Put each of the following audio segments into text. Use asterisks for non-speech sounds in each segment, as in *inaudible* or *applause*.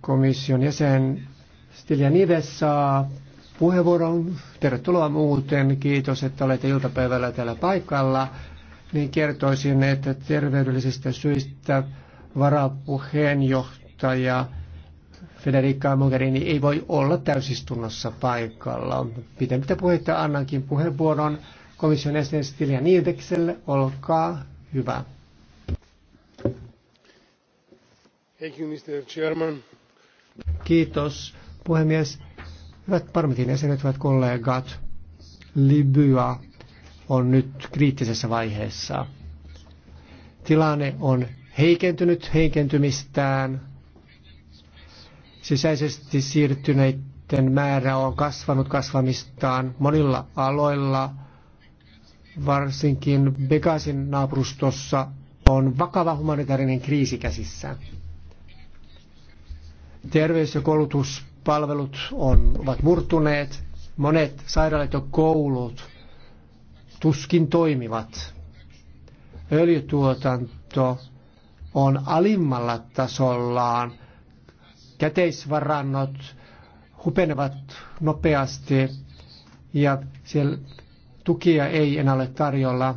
komission jäsen Nives saa puheenvuoron. Tervetuloa muuten. Kiitos, että olette iltapäivällä täällä paikalla. Niin kertoisin, että terveydellisistä syistä varapuheenjohtaja Federica Mogherini ei voi olla täysistunnossa paikalla. On pitemmittä puhetta annankin puheenvuoron komission jäsen Stilja Nivekselle. Olkaa hyvä. Thank you, Mr. Chairman. Kiitos, puhemies. Hyvät parlamentin jäsenet, hyvät kollegat, Libya on nyt kriittisessä vaiheessa. Tilanne on heikentynyt heikentymistään. Sisäisesti siirtyneiden määrä on kasvanut kasvamistaan monilla aloilla. Varsinkin Begasin naapurustossa on vakava humanitaarinen kriisi käsissä. Terveys- ja koulutuspalvelut on, ovat murtuneet. Monet sairaalat ja koulut tuskin toimivat. Öljytuotanto on alimmalla tasollaan. Käteisvarannot hupenevat nopeasti ja siellä tukia ei enää ole tarjolla.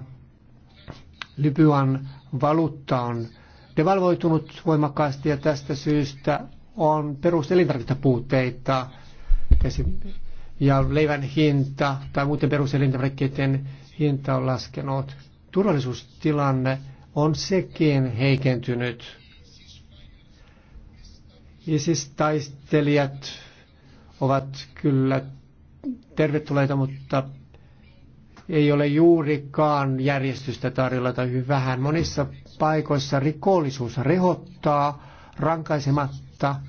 Libyan valuutta on devalvoitunut voimakkaasti ja tästä syystä on peruselintarvikepuutteita ja leivän hinta tai muuten peruselintarvikkeiden hinta on laskenut. Turvallisuustilanne on sekin heikentynyt. ISIS-taistelijat ovat kyllä tervetulleita, mutta ei ole juurikaan järjestystä tarjolla tai hyvin vähän. Monissa paikoissa rikollisuus rehottaa rankaisematta mutta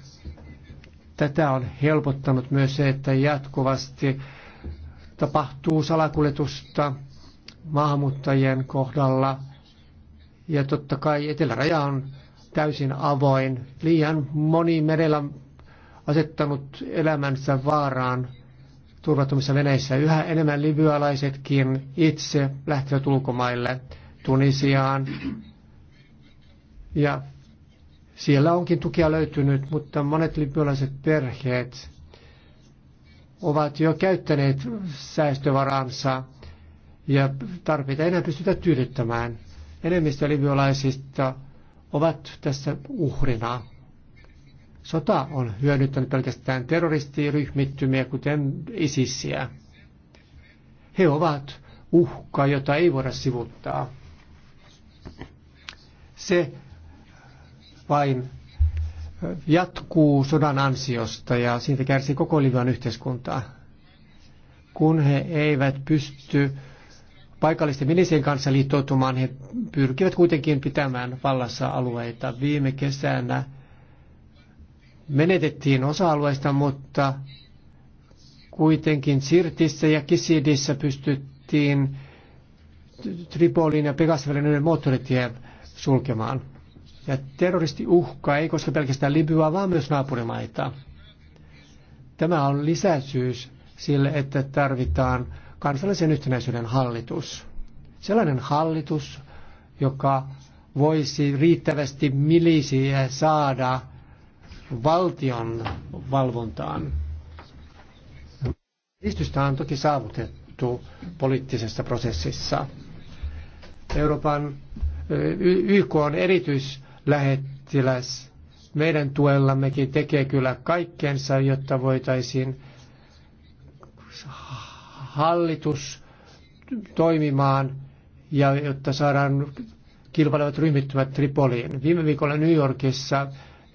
tätä on helpottanut myös se, että jatkuvasti tapahtuu salakuljetusta maahanmuuttajien kohdalla. Ja totta kai eteläraja on täysin avoin. Liian moni merellä asettanut elämänsä vaaraan turvattomissa veneissä. Yhä enemmän libyalaisetkin itse lähtevät ulkomaille Tunisiaan ja siellä onkin tukea löytynyt, mutta monet libyalaiset perheet ovat jo käyttäneet säästövaransa ja tarpeita enää pystytä tyydyttämään. Enemmistö libyalaisista ovat tässä uhrina. Sota on hyödyttänyt pelkästään terroristiryhmittymiä, kuten ISISiä. He ovat uhka, jota ei voida sivuttaa. Se vain jatkuu sodan ansiosta ja siitä kärsii koko Libyan yhteiskuntaa. Kun he eivät pysty paikallisten milisien kanssa liittoutumaan, he pyrkivät kuitenkin pitämään vallassa alueita. Viime kesänä menetettiin osa alueista, mutta kuitenkin Sirtissä ja Kisidissä pystyttiin Tripolin ja Pegasvälinen moottoritie sulkemaan. Ja terroristiuhka ei koske pelkästään Libyaa, vaan myös naapurimaita. Tämä on lisäsyys sille, että tarvitaan kansallisen yhtenäisyyden hallitus. Sellainen hallitus, joka voisi riittävästi milisiä saada valtion valvontaan. Edistystä on toki saavutettu poliittisessa prosessissa. Euroopan YK on erityis lähettiläs meidän tuellammekin tekee kyllä kaikkensa, jotta voitaisiin hallitus toimimaan ja jotta saadaan kilpailevat ryhmittymät Tripoliin. Viime viikolla New Yorkissa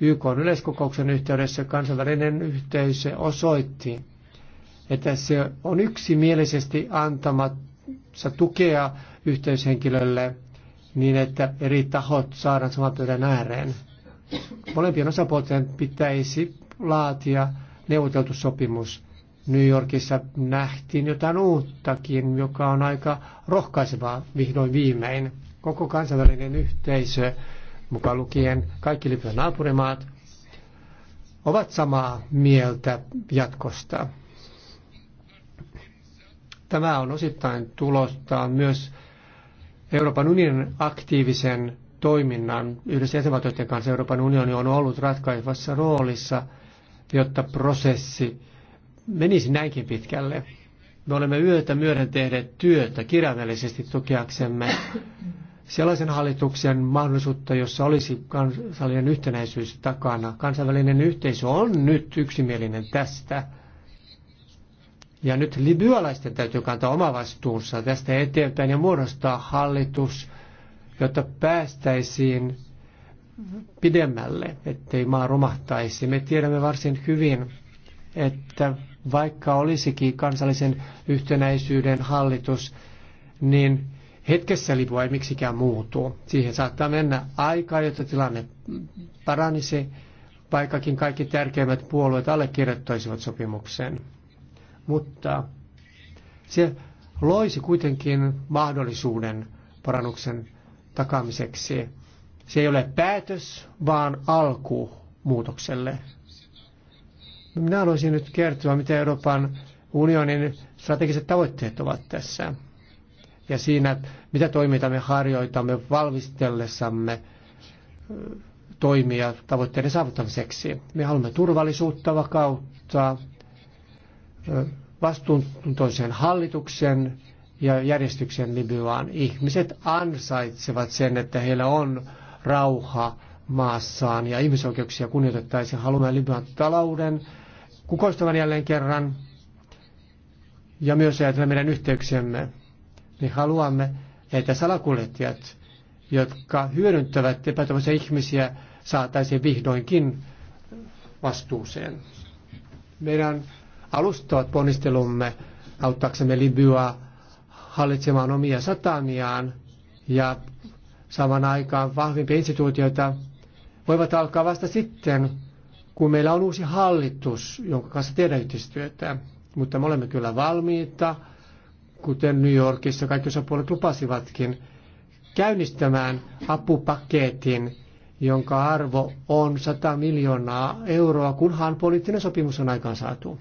YK yleiskokouksen yhteydessä kansainvälinen yhteisö osoitti, että se on yksimielisesti antamassa tukea yhteyshenkilölle – niin, että eri tahot saadaan saman pöydän ääreen. Molempien osapuolten pitäisi laatia neuvoteltu sopimus. New Yorkissa nähtiin jotain uuttakin, joka on aika rohkaisevaa vihdoin viimein. Koko kansainvälinen yhteisö, mukaan lukien kaikki liittyvät naapurimaat, ovat samaa mieltä jatkosta. Tämä on osittain tulostaan myös Euroopan unionin aktiivisen toiminnan yhdessä jäsenvaltioiden kanssa Euroopan unioni on ollut ratkaisevassa roolissa, jotta prosessi menisi näinkin pitkälle. Me olemme yötä myöden tehneet työtä kirjaimellisesti tukeaksemme sellaisen hallituksen mahdollisuutta, jossa olisi kansallinen yhtenäisyys takana. Kansainvälinen yhteisö on nyt yksimielinen tästä – ja nyt libyalaisten täytyy kantaa oma vastuunsa tästä eteenpäin ja muodostaa hallitus, jotta päästäisiin pidemmälle, ettei maa romahtaisi. Me tiedämme varsin hyvin, että vaikka olisikin kansallisen yhtenäisyyden hallitus, niin hetkessä Libya ei miksikään muutu. Siihen saattaa mennä aikaa, jotta tilanne paranisi, vaikkakin kaikki tärkeimmät puolueet allekirjoittaisivat sopimuksen mutta se loisi kuitenkin mahdollisuuden parannuksen takaamiseksi. Se ei ole päätös, vaan alku muutokselle. Minä haluaisin nyt kertoa, mitä Euroopan unionin strategiset tavoitteet ovat tässä. Ja siinä, mitä toimita me harjoitamme valmistellessamme toimia tavoitteiden saavuttamiseksi. Me haluamme turvallisuutta, vakautta, vastuuntoisen hallituksen ja järjestyksen Libyaan. Ihmiset ansaitsevat sen, että heillä on rauha maassaan ja ihmisoikeuksia kunnioitettaisiin. Haluamme Libyan talouden kukoistavan jälleen kerran ja myös ajatellen meidän yhteyksiämme. Niin haluamme, että salakuljettajat, jotka hyödyntävät epätoivoisia ihmisiä, saataisiin vihdoinkin vastuuseen. Meidän alustavat ponnistelumme auttaaksemme Libyaa hallitsemaan omia satamiaan ja saman aikaan vahvimpia instituutioita voivat alkaa vasta sitten, kun meillä on uusi hallitus, jonka kanssa tehdään yhteistyötä. Mutta me olemme kyllä valmiita, kuten New Yorkissa kaikki osapuolet lupasivatkin, käynnistämään apupaketin, jonka arvo on 100 miljoonaa euroa, kunhan poliittinen sopimus on saatu.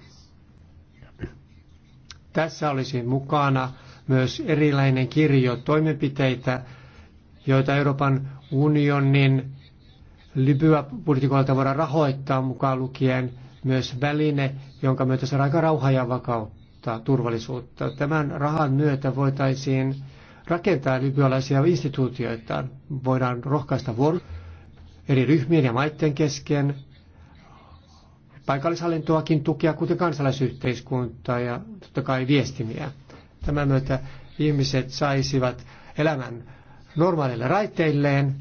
Tässä olisi mukana myös erilainen kirjo toimenpiteitä, joita Euroopan unionin Libyä budjetikoilta voidaan rahoittaa mukaan lukien myös väline, jonka myötä saadaan aika rauhaa ja vakautta, turvallisuutta. Tämän rahan myötä voitaisiin rakentaa libyalaisia instituutioita. Voidaan rohkaista vuoro eri ryhmien ja maiden kesken, paikallishallintoakin tukea, kuten kansalaisyhteiskuntaa ja totta kai viestimiä. Tämän myötä ihmiset saisivat elämän normaaleille raiteilleen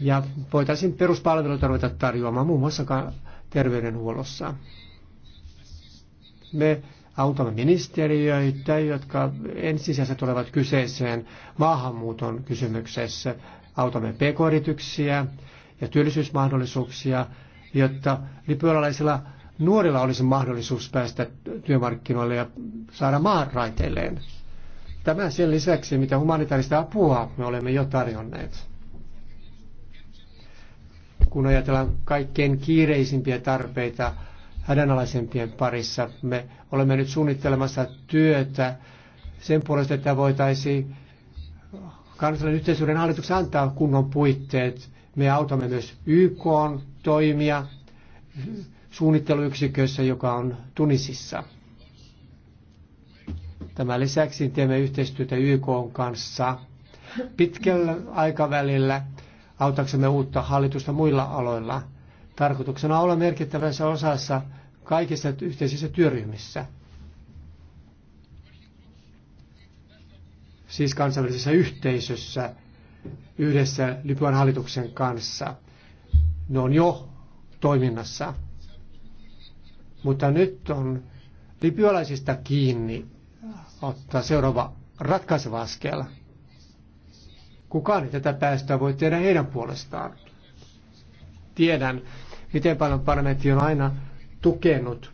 ja voitaisiin peruspalveluita ruveta tarjoamaan muun muassa terveydenhuollossa. Me autamme ministeriöitä, jotka ensisijaisesti tulevat kyseiseen maahanmuuton kysymyksessä. Autamme pk-yrityksiä ja työllisyysmahdollisuuksia, jotta liberalaisilla nuorilla olisi mahdollisuus päästä työmarkkinoille ja saada maan raiteilleen. Tämä sen lisäksi, mitä humanitaarista apua me olemme jo tarjonneet. Kun ajatellaan kaikkein kiireisimpiä tarpeita hädänalaisempien parissa, me olemme nyt suunnittelemassa työtä sen puolesta, että voitaisiin kansallinen yhteisöiden hallituksen antaa kunnon puitteet. Me autamme myös YK toimia suunnitteluyksikössä, joka on Tunisissa. Tämän lisäksi teemme yhteistyötä YK kanssa pitkällä aikavälillä autaksemme uutta hallitusta muilla aloilla. Tarkoituksena on olla merkittävässä osassa kaikissa yhteisissä työryhmissä. Siis kansainvälisessä yhteisössä yhdessä Libyan hallituksen kanssa. Ne on jo toiminnassa. Mutta nyt on libyalaisista kiinni ottaa seuraava ratkaiseva askel. Kukaan ei tätä päästöä voi tehdä heidän puolestaan. Tiedän, miten paljon parlamentti on aina tukenut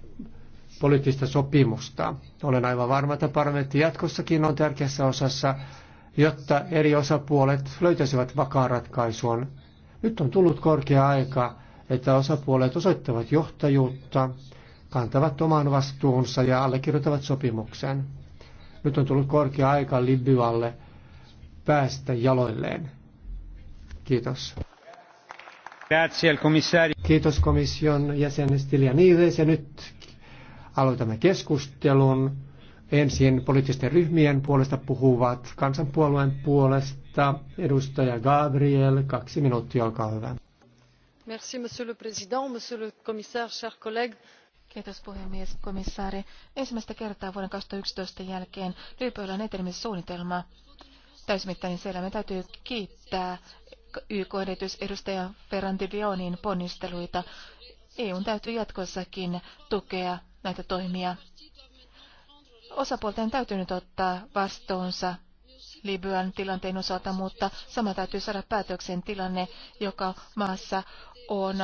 poliittista sopimusta. Olen aivan varma, että parlamentti jatkossakin on tärkeässä osassa, jotta eri osapuolet löytäisivät vakaan ratkaisun. Nyt on tullut korkea aika, että osapuolet osoittavat johtajuutta kantavat oman vastuunsa ja allekirjoittavat sopimuksen. Nyt on tullut korkea aika Libyalle päästä jaloilleen. Kiitos. Kiitos komission jäsen Stylianides ja nyt aloitamme keskustelun. Ensin poliittisten ryhmien puolesta puhuvat kansanpuolueen puolesta edustaja Gabriel, kaksi minuuttia, olkaa hyvä. Merci, monsieur le président, monsieur le commissaire, chers collègues. Kiitos puhemies, komissaari. Ensimmäistä kertaa vuoden 2011 jälkeen Lyypöylän etenemissuunnitelma täysimittainen siellä. Me täytyy kiittää yk edustaja Ferranti Vionin ponnisteluita. EU täytyy jatkossakin tukea näitä toimia. Osapuolten täytyy nyt ottaa vastuunsa Libyan tilanteen osalta, mutta sama täytyy saada päätöksen tilanne, joka maassa on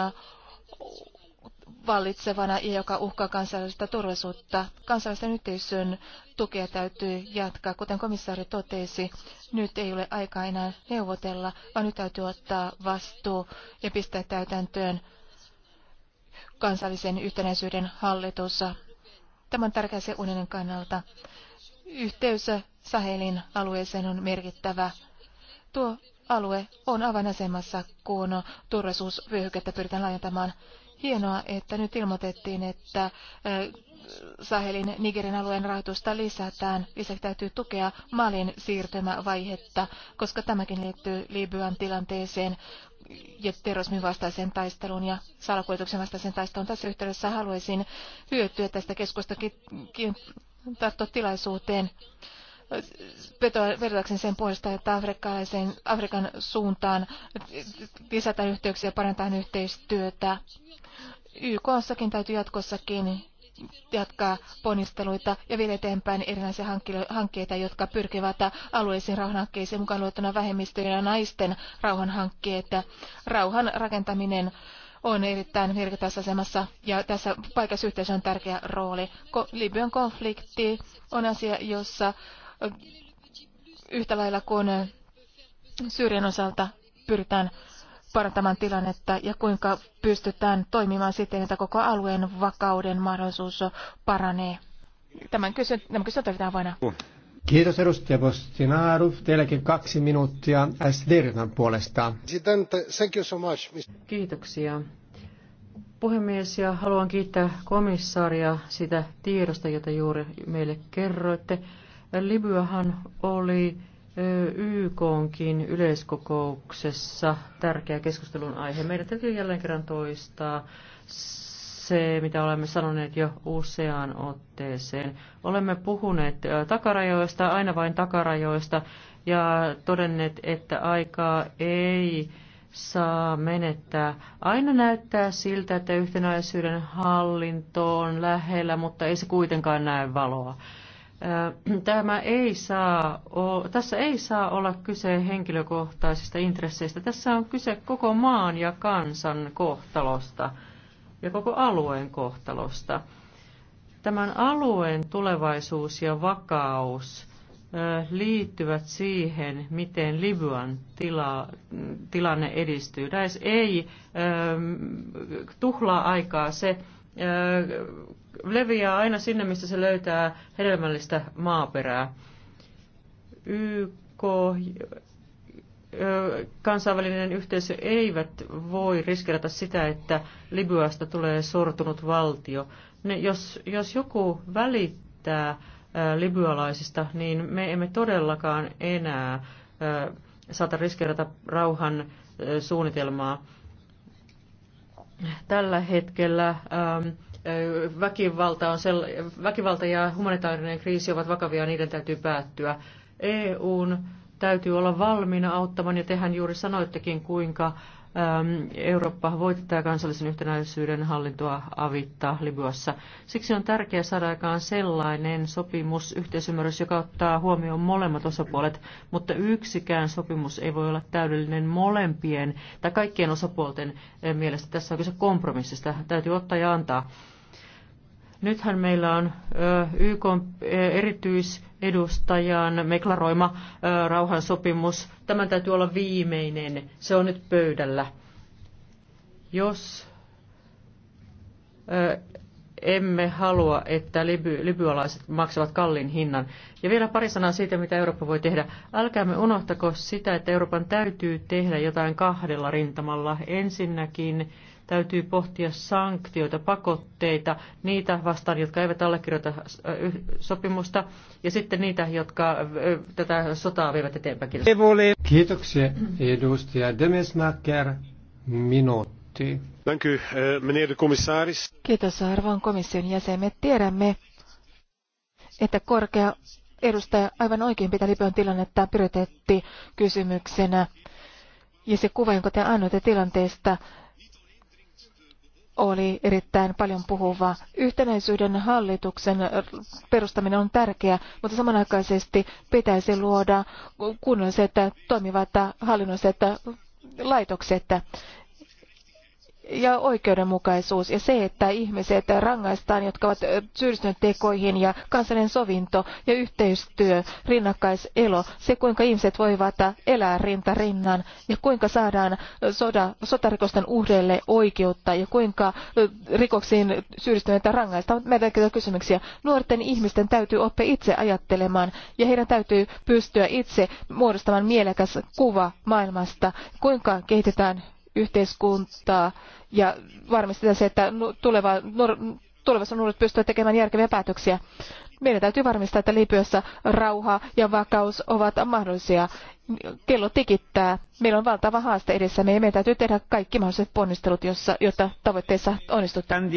vallitsevana ja joka uhkaa kansallista turvallisuutta. Kansallisten yhteisön tukea täytyy jatkaa. Kuten komissaari totesi, nyt ei ole aikaa enää neuvotella, vaan nyt täytyy ottaa vastuu ja pistää täytäntöön kansallisen yhtenäisyyden hallitus. Tämä on tärkeä se unionin kannalta. Yhteys Sahelin alueeseen on merkittävä. Tuo alue on avainasemassa, kun turvallisuusvyöhykettä pyritään laajentamaan Hienoa, että nyt ilmoitettiin, että Sahelin Nigerin alueen rahoitusta lisätään. Lisäksi täytyy tukea Malin siirtymävaihetta, koska tämäkin liittyy Libyan tilanteeseen ja terrorismin vastaiseen taisteluun ja salakuljetuksen vastaiseen taisteluun. Tässä yhteydessä haluaisin hyötyä tästä keskustakin tarttua tilaisuuteen vedotakseni sen puolesta, että afrikkalaisen, Afrikan suuntaan lisätään yhteyksiä ja parantaa yhteistyötä. YKssakin täytyy jatkossakin jatkaa ponnisteluita ja viedä eteenpäin erilaisia hankkeita, jotka pyrkivät alueisiin rauhanhankkeisiin mukaan luettuna vähemmistöjen ja naisten rauhanhankkeet. Rauhan rakentaminen on erittäin merkittävässä asemassa ja tässä yhteisö on tärkeä rooli. Libyan konflikti on asia, jossa yhtä lailla kuin Syyrian osalta pyritään parantamaan tilannetta ja kuinka pystytään toimimaan siten, että koko alueen vakauden mahdollisuus paranee. Tämän kysyn, tämän kysyn tarvitaan vain. Kiitos edustaja Postinaru. Teilläkin kaksi minuuttia SD-ryhmän puolesta. Kiitoksia. Puhemies, ja haluan kiittää komissaaria sitä tiedosta, jota juuri meille kerroitte. Libyahan oli YKonkin yleiskokouksessa tärkeä keskustelun aihe. Meidän täytyy jälleen kerran toistaa se, mitä olemme sanoneet jo useaan otteeseen. Olemme puhuneet takarajoista, aina vain takarajoista, ja todenneet, että aikaa ei saa menettää. Aina näyttää siltä, että yhtenäisyyden hallinto on lähellä, mutta ei se kuitenkaan näe valoa. Tämä ei saa, tässä ei saa olla kyse henkilökohtaisista intresseistä. Tässä on kyse koko maan ja kansan kohtalosta ja koko alueen kohtalosta. Tämän alueen tulevaisuus ja vakaus liittyvät siihen, miten Libyan tila, tilanne edistyy. Tässä ei tuhlaa aikaa se, leviää aina sinne, missä se löytää hedelmällistä maaperää. YK, kansainvälinen yhteisö eivät voi riskerata sitä, että Libyasta tulee sortunut valtio. Ne, jos, jos joku välittää libyalaisista, niin me emme todellakaan enää saata riskeerata rauhan suunnitelmaa. Tällä hetkellä ähm, äh, väkivalta, on sell- väkivalta ja humanitaarinen kriisi ovat vakavia ja niiden täytyy päättyä. EUn täytyy olla valmiina auttamaan ja tehän juuri sanoittekin, kuinka Ähm, Eurooppa voi kansallisen yhtenäisyyden hallintoa avittaa Libyassa. Siksi on tärkeää saada aikaan sellainen sopimus, yhteisymmärrys, joka ottaa huomioon molemmat osapuolet, mutta yksikään sopimus ei voi olla täydellinen molempien tai kaikkien osapuolten eh, mielestä. Tässä on kyse kompromissista. Täytyy ottaa ja antaa. Nythän meillä on YK erityisedustajan meklaroima rauhansopimus. Tämän täytyy olla viimeinen. Se on nyt pöydällä. Jos emme halua, että liby, libyalaiset maksavat kallin hinnan. Ja vielä pari sanaa siitä, mitä Eurooppa voi tehdä. Älkäämme unohtako sitä, että Euroopan täytyy tehdä jotain kahdella rintamalla. Ensinnäkin Täytyy pohtia sanktioita, pakotteita, niitä vastaan, jotka eivät allekirjoita sopimusta, ja sitten niitä, jotka tätä sotaa vievät eteenpäin. Kiitos. Kiitoksia edustaja Demesmaker. Minuutti. Eh, Kiitos arvon komission jäsen. Me tiedämme, että korkea edustaja aivan oikein pitää Libyan tilannetta prioriteettikysymyksenä. Ja se kuva, jonka te annoitte tilanteesta, oli erittäin paljon puhuva. Yhtenäisyyden hallituksen perustaminen on tärkeää, mutta samanaikaisesti pitäisi luoda kunnolliset toimivat hallinnolliset laitokset ja oikeudenmukaisuus ja se, että ihmiset rangaistaan, jotka ovat syyllistyneet tekoihin ja kansallinen sovinto ja yhteistyö, rinnakkaiselo, se kuinka ihmiset voivat elää rinta rinnan ja kuinka saadaan soda, sotarikosten uhreille oikeutta ja kuinka rikoksiin syyllistyneitä rangaistaan. Meitä on kysymyksiä. Nuorten ihmisten täytyy oppia itse ajattelemaan ja heidän täytyy pystyä itse muodostamaan mielekäs kuva maailmasta, kuinka kehitetään yhteiskuntaa ja varmistetaan se, että tuleva, nuor, tulevassa nuoret pystyvät tekemään järkeviä päätöksiä. Meidän täytyy varmistaa, että Libyassa rauha ja vakaus ovat mahdollisia. Kello tikittää. Meillä on valtava haaste edessä. Meidän täytyy tehdä kaikki mahdolliset ponnistelut, jossa, jotta tavoitteessa onnistutaan.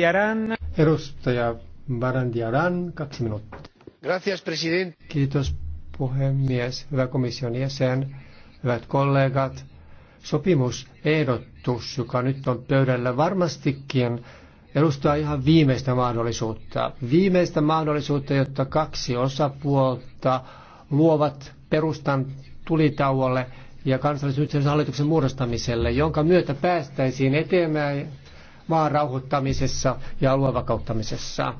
Edustaja Barandiaran, kaksi minuuttia. Gracias, president. Kiitos puhemies, hyvä komission jäsen, hyvät kollegat sopimusehdotus, joka nyt on pöydällä, varmastikin edustaa ihan viimeistä mahdollisuutta. Viimeistä mahdollisuutta, jotta kaksi osapuolta luovat perustan tulitauolle ja kansallisen hallituksen muodostamiselle, jonka myötä päästäisiin eteenpäin maan rauhoittamisessa ja alueen vakauttamisessa.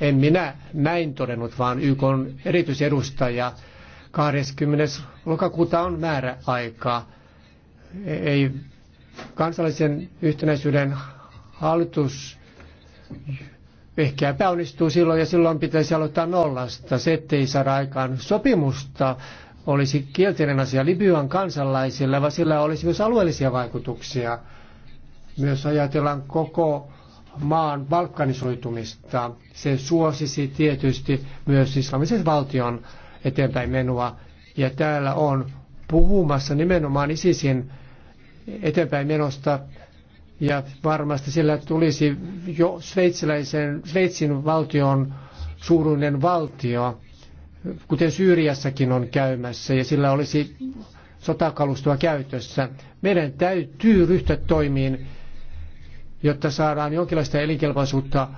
En minä näin todennut, vaan YK on erityisedustaja. 20. lokakuuta on määrä aikaa ei kansallisen yhtenäisyyden hallitus ehkä epäonnistuu silloin ja silloin pitäisi aloittaa nollasta. Se, ettei saada aikaan sopimusta, olisi kielteinen asia Libyan kansalaisille, vaan sillä olisi myös alueellisia vaikutuksia. Myös ajatellaan koko maan balkanisoitumista. Se suosisi tietysti myös islamisen valtion eteenpäin menua. Ja täällä on puhumassa nimenomaan ISISin eteenpäin menosta. Ja varmasti sillä tulisi jo sveitsiläisen, Sveitsin valtion suuruinen valtio, kuten Syyriassakin on käymässä, ja sillä olisi sotakalustoa käytössä. Meidän täytyy ryhtyä toimiin, jotta saadaan jonkinlaista elinkelpoisuutta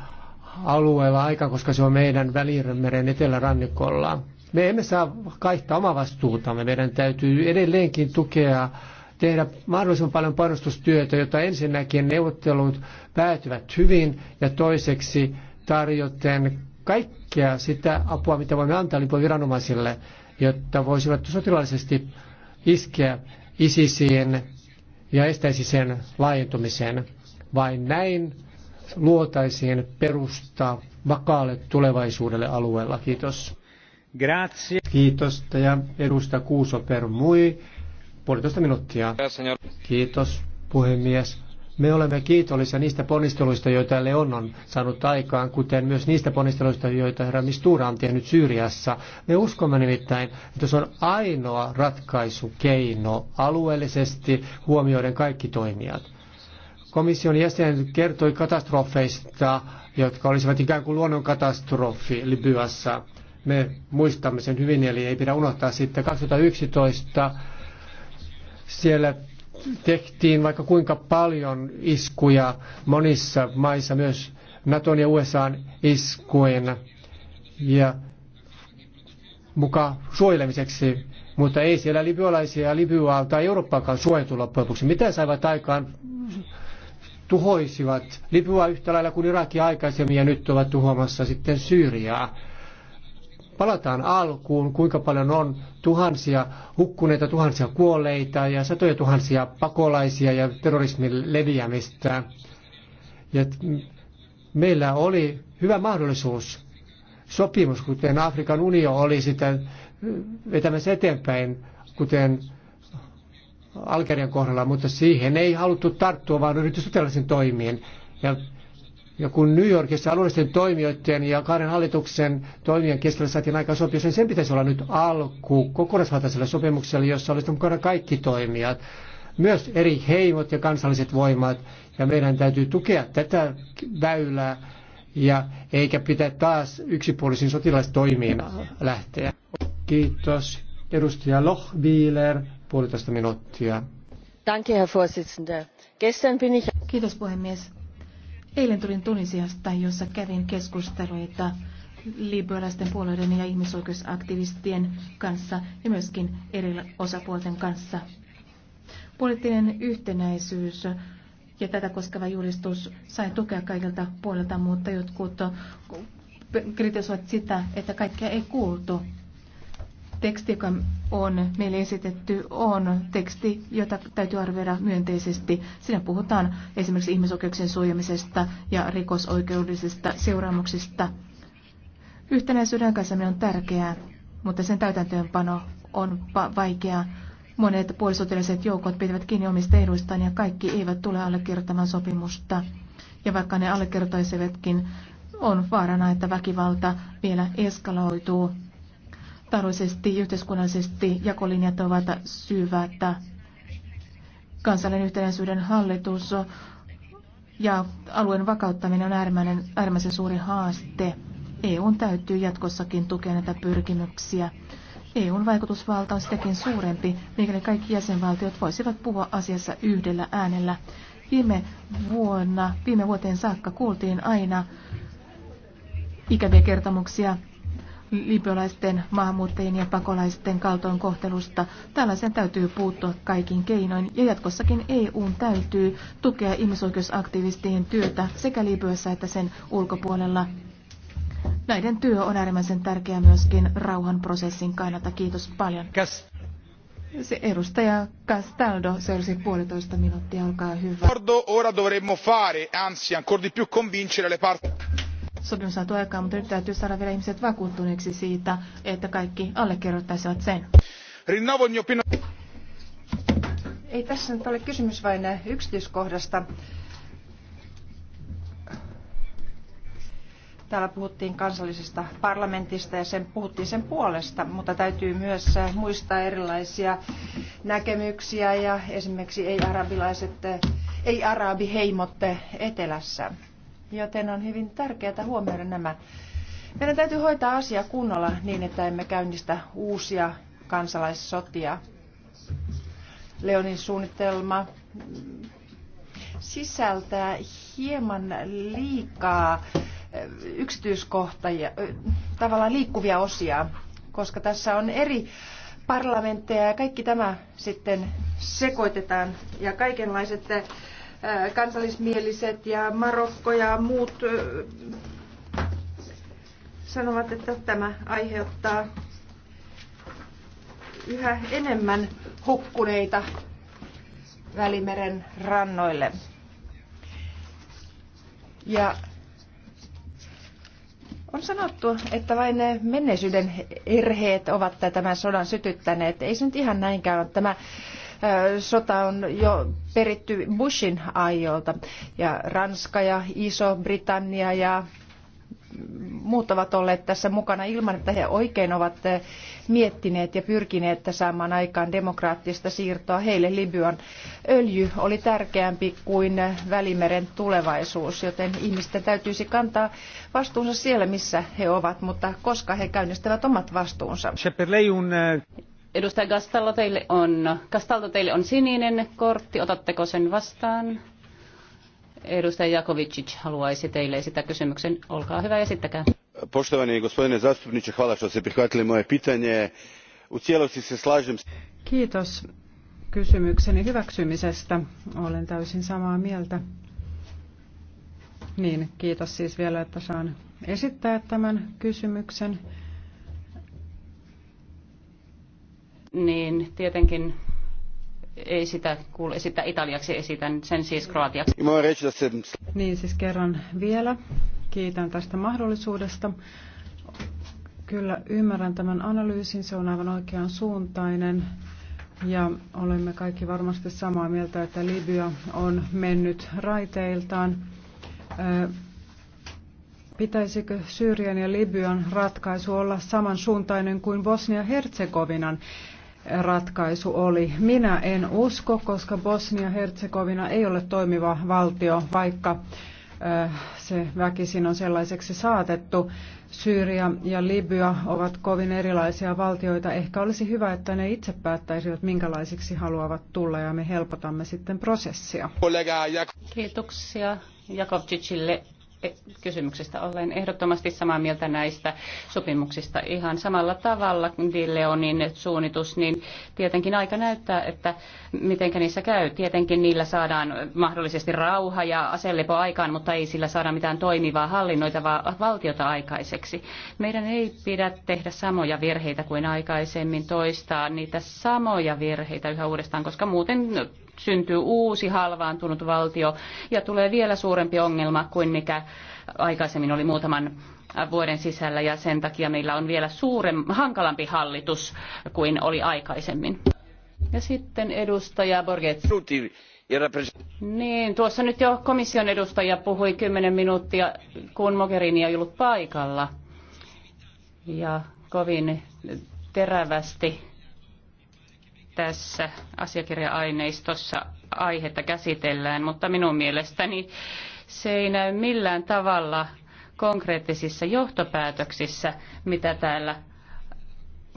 alueella aika, koska se on meidän Välimeren etelärannikolla. Me emme saa kaihtaa omaa vastuutamme. Meidän täytyy edelleenkin tukea tehdä mahdollisimman paljon panostustyötä, jotta ensinnäkin neuvottelut päätyvät hyvin ja toiseksi tarjoten kaikkea sitä apua, mitä voimme antaa Libyan viranomaisille, jotta voisivat sotilaallisesti iskeä ISISiin ja estäisi sen laajentumisen. Vain näin luotaisiin perusta vakaalle tulevaisuudelle alueella. Kiitos. Grazie. Kiitos ja edusta Kuuso Permui puolitoista minuuttia. Kiitos, puhemies. Me olemme kiitollisia niistä ponnisteluista, joita Leon on saanut aikaan, kuten myös niistä ponnisteluista, joita herra Mistura on tehnyt Syyriassa. Me uskomme nimittäin, että se on ainoa ratkaisukeino alueellisesti huomioiden kaikki toimijat. Komission jäsen kertoi katastrofeista, jotka olisivat ikään kuin luonnonkatastrofi Libyassa. Me muistamme sen hyvin, eli ei pidä unohtaa sitten 2011 siellä tehtiin vaikka kuinka paljon iskuja monissa maissa, myös Naton ja USAn iskuina ja muka suojelemiseksi, mutta ei siellä libyalaisia ja Libyaa tai Eurooppaakaan suojeltu loppujen lopuksi. Mitä saivat aikaan? Tuhoisivat Libyaa yhtä lailla kuin Irakia aikaisemmin ja nyt ovat tuhoamassa sitten Syyriaa palataan alkuun, kuinka paljon on tuhansia hukkuneita, tuhansia kuolleita ja satoja tuhansia pakolaisia ja terrorismin leviämistä. Ja meillä oli hyvä mahdollisuus sopimus, kuten Afrikan unio oli sitä vetämässä eteenpäin, kuten Algerian kohdalla, mutta siihen ei haluttu tarttua, vaan yritys toimiin. Ja ja kun New Yorkissa alueellisten toimijoiden ja kahden hallituksen toimijan keskellä saatiin aikaan sopimus, niin sen pitäisi olla nyt alku kokonaisvaltaisella sopimuksella, jossa olisi mukana kaikki toimijat, myös eri heimot ja kansalliset voimat. Ja meidän täytyy tukea tätä väylää, ja eikä pitää taas yksipuolisiin sotilastoimiin lähteä. Kiitos. Edustaja Lochbieler, puolitoista minuuttia. Danke, Herr Vorsitzender. Gestern bin ich... Kiitos puhemies. Eilen tulin Tunisiasta, jossa kävin keskusteluita liberaalisten puolueiden ja ihmisoikeusaktivistien kanssa ja myöskin eri osapuolten kanssa. Poliittinen yhtenäisyys ja tätä koskeva julistus sai tukea kaikilta puolilta, mutta jotkut kritisoivat sitä, että kaikkea ei kuultu teksti, joka on meille esitetty, on teksti, jota täytyy arvioida myönteisesti. Siinä puhutaan esimerkiksi ihmisoikeuksien suojamisesta ja rikosoikeudellisista seuraamuksista. Yhtenäisyyden aikaisemmin on tärkeää, mutta sen täytäntöönpano on vaikeaa. Monet puolisotilaiset joukot pitävät kiinni omista eduistaan ja kaikki eivät tule allekirjoittamaan sopimusta. Ja vaikka ne allekirjoittaisivatkin, on vaarana, että väkivalta vielä eskaloituu taloudellisesti, yhteiskunnallisesti jakolinjat ovat syvät. Kansallinen yhtenäisyyden hallitus ja alueen vakauttaminen on äärimmäisen, äärimmäisen suuri haaste. EUn täytyy jatkossakin tukea näitä pyrkimyksiä. EUn vaikutusvalta on sitäkin suurempi, mikäli kaikki jäsenvaltiot voisivat puhua asiassa yhdellä äänellä. Viime vuonna, viime vuoteen saakka kuultiin aina ikäviä kertomuksia libyalaisten maahanmuuttajien ja pakolaisten kaltoinkohtelusta. Tällaisen täytyy puuttua kaikin keinoin ja jatkossakin EUn täytyy tukea ihmisoikeusaktivistien työtä sekä Libyassa että sen ulkopuolella. Näiden työ on äärimmäisen tärkeää myöskin rauhanprosessin kannalta. Kiitos paljon. Käs. Se edustaja Castaldo, se olisi puolitoista minuuttia, olkaa hyvä. Ora dovremmo fare, anzi ancora di più convincere le parti sopimus saatu aikaan, mutta nyt täytyy saada vielä ihmiset vakuuttuneeksi siitä, että kaikki allekirjoittaisivat sen. Ei tässä nyt ole kysymys vain yksityiskohdasta. Täällä puhuttiin kansallisesta parlamentista ja sen puhuttiin sen puolesta, mutta täytyy myös muistaa erilaisia näkemyksiä ja esimerkiksi ei-arabilaiset, ei-arabiheimot etelässä joten on hyvin tärkeää huomioida nämä. Meidän täytyy hoitaa asia kunnolla niin, että emme käynnistä uusia kansalaissotia. Leonin suunnitelma sisältää hieman liikaa eh, yksityiskohtia, eh, tavallaan liikkuvia osia, koska tässä on eri parlamentteja ja kaikki tämä sitten sekoitetaan ja kaikenlaiset eh, kansallismieliset ja Marokko ja muut sanovat, että tämä aiheuttaa yhä enemmän hukkuneita Välimeren rannoille. Ja on sanottu, että vain ne menneisyyden erheet ovat tämän sodan sytyttäneet. Ei se nyt ihan näinkään ole. Tämä sota on jo peritty Bushin ajoilta ja Ranska ja Iso-Britannia ja muut ovat olleet tässä mukana ilman, että he oikein ovat miettineet ja pyrkineet saamaan aikaan demokraattista siirtoa. Heille Libyan öljy oli tärkeämpi kuin Välimeren tulevaisuus, joten ihmisten täytyisi kantaa vastuunsa siellä, missä he ovat, mutta koska he käynnistävät omat vastuunsa. Edustaja Gastalla teille on, Gastalta teille on sininen kortti, otatteko sen vastaan? Edustaja Jakovicic haluaisi teille esittää kysymyksen. Olkaa hyvä, esittäkää. Poštovani gospodine zastupniče, hvala što se prihvatili moje pitanje. U cijelosti se slažem. Kiitos kysymykseni hyväksymisestä. Olen täysin samaa mieltä. Niin, kiitos siis vielä, että saan esittää tämän kysymyksen. niin tietenkin ei sitä kuule, sitä italiaksi esitän, sen siis kroatiaksi. Niin siis kerran vielä. Kiitän tästä mahdollisuudesta. Kyllä ymmärrän tämän analyysin, se on aivan oikean suuntainen. Ja olemme kaikki varmasti samaa mieltä, että Libya on mennyt raiteiltaan. Pitäisikö Syyrian ja Libyan ratkaisu olla samansuuntainen kuin Bosnia-Herzegovinan? ratkaisu oli. Minä en usko, koska Bosnia-Herzegovina ei ole toimiva valtio, vaikka se väkisin on sellaiseksi saatettu. Syyria ja Libya ovat kovin erilaisia valtioita. Ehkä olisi hyvä, että ne itse päättäisivät, minkälaisiksi haluavat tulla, ja me helpotamme sitten prosessia. Kiitoksia Jakovcicille kysymyksistä. Olen ehdottomasti samaa mieltä näistä sopimuksista ihan samalla tavalla kuin Leonin suunnitus, niin tietenkin aika näyttää, että miten niissä käy. Tietenkin niillä saadaan mahdollisesti rauha ja aselepo aikaan, mutta ei sillä saada mitään toimivaa hallinnoitavaa valtiota aikaiseksi. Meidän ei pidä tehdä samoja virheitä kuin aikaisemmin, toistaa niitä samoja virheitä yhä uudestaan, koska muuten syntyy uusi halvaantunut valtio ja tulee vielä suurempi ongelma kuin mikä aikaisemmin oli muutaman vuoden sisällä ja sen takia meillä on vielä suurem, hankalampi hallitus kuin oli aikaisemmin. Ja sitten edustaja Borgets. Niin, tuossa nyt jo komission edustaja puhui kymmenen minuuttia, kun Mogherini ei ollut paikalla. Ja kovin terävästi tässä asiakirja-aineistossa aihetta käsitellään, mutta minun mielestäni se ei näy millään tavalla konkreettisissa johtopäätöksissä, mitä täällä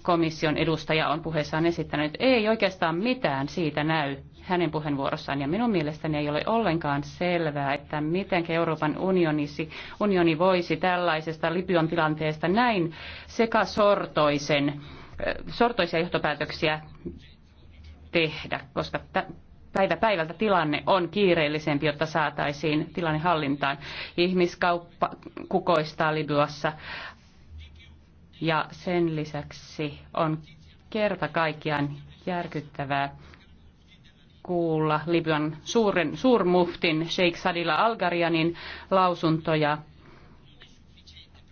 komission edustaja on puheessaan esittänyt. Ei oikeastaan mitään siitä näy hänen puheenvuorossaan. Ja minun mielestäni ei ole ollenkaan selvää, että miten Euroopan unionisi, unioni voisi tällaisesta Libyan tilanteesta näin sekasortoisen sortoisia johtopäätöksiä tehdä, koska päivä päivältä tilanne on kiireellisempi, jotta saataisiin tilanne hallintaan. Ihmiskauppa kukoistaa Libyassa ja sen lisäksi on kerta kaikkiaan järkyttävää kuulla Libyan suuren, suurmuftin Sheikh Sadila Algarianin lausuntoja,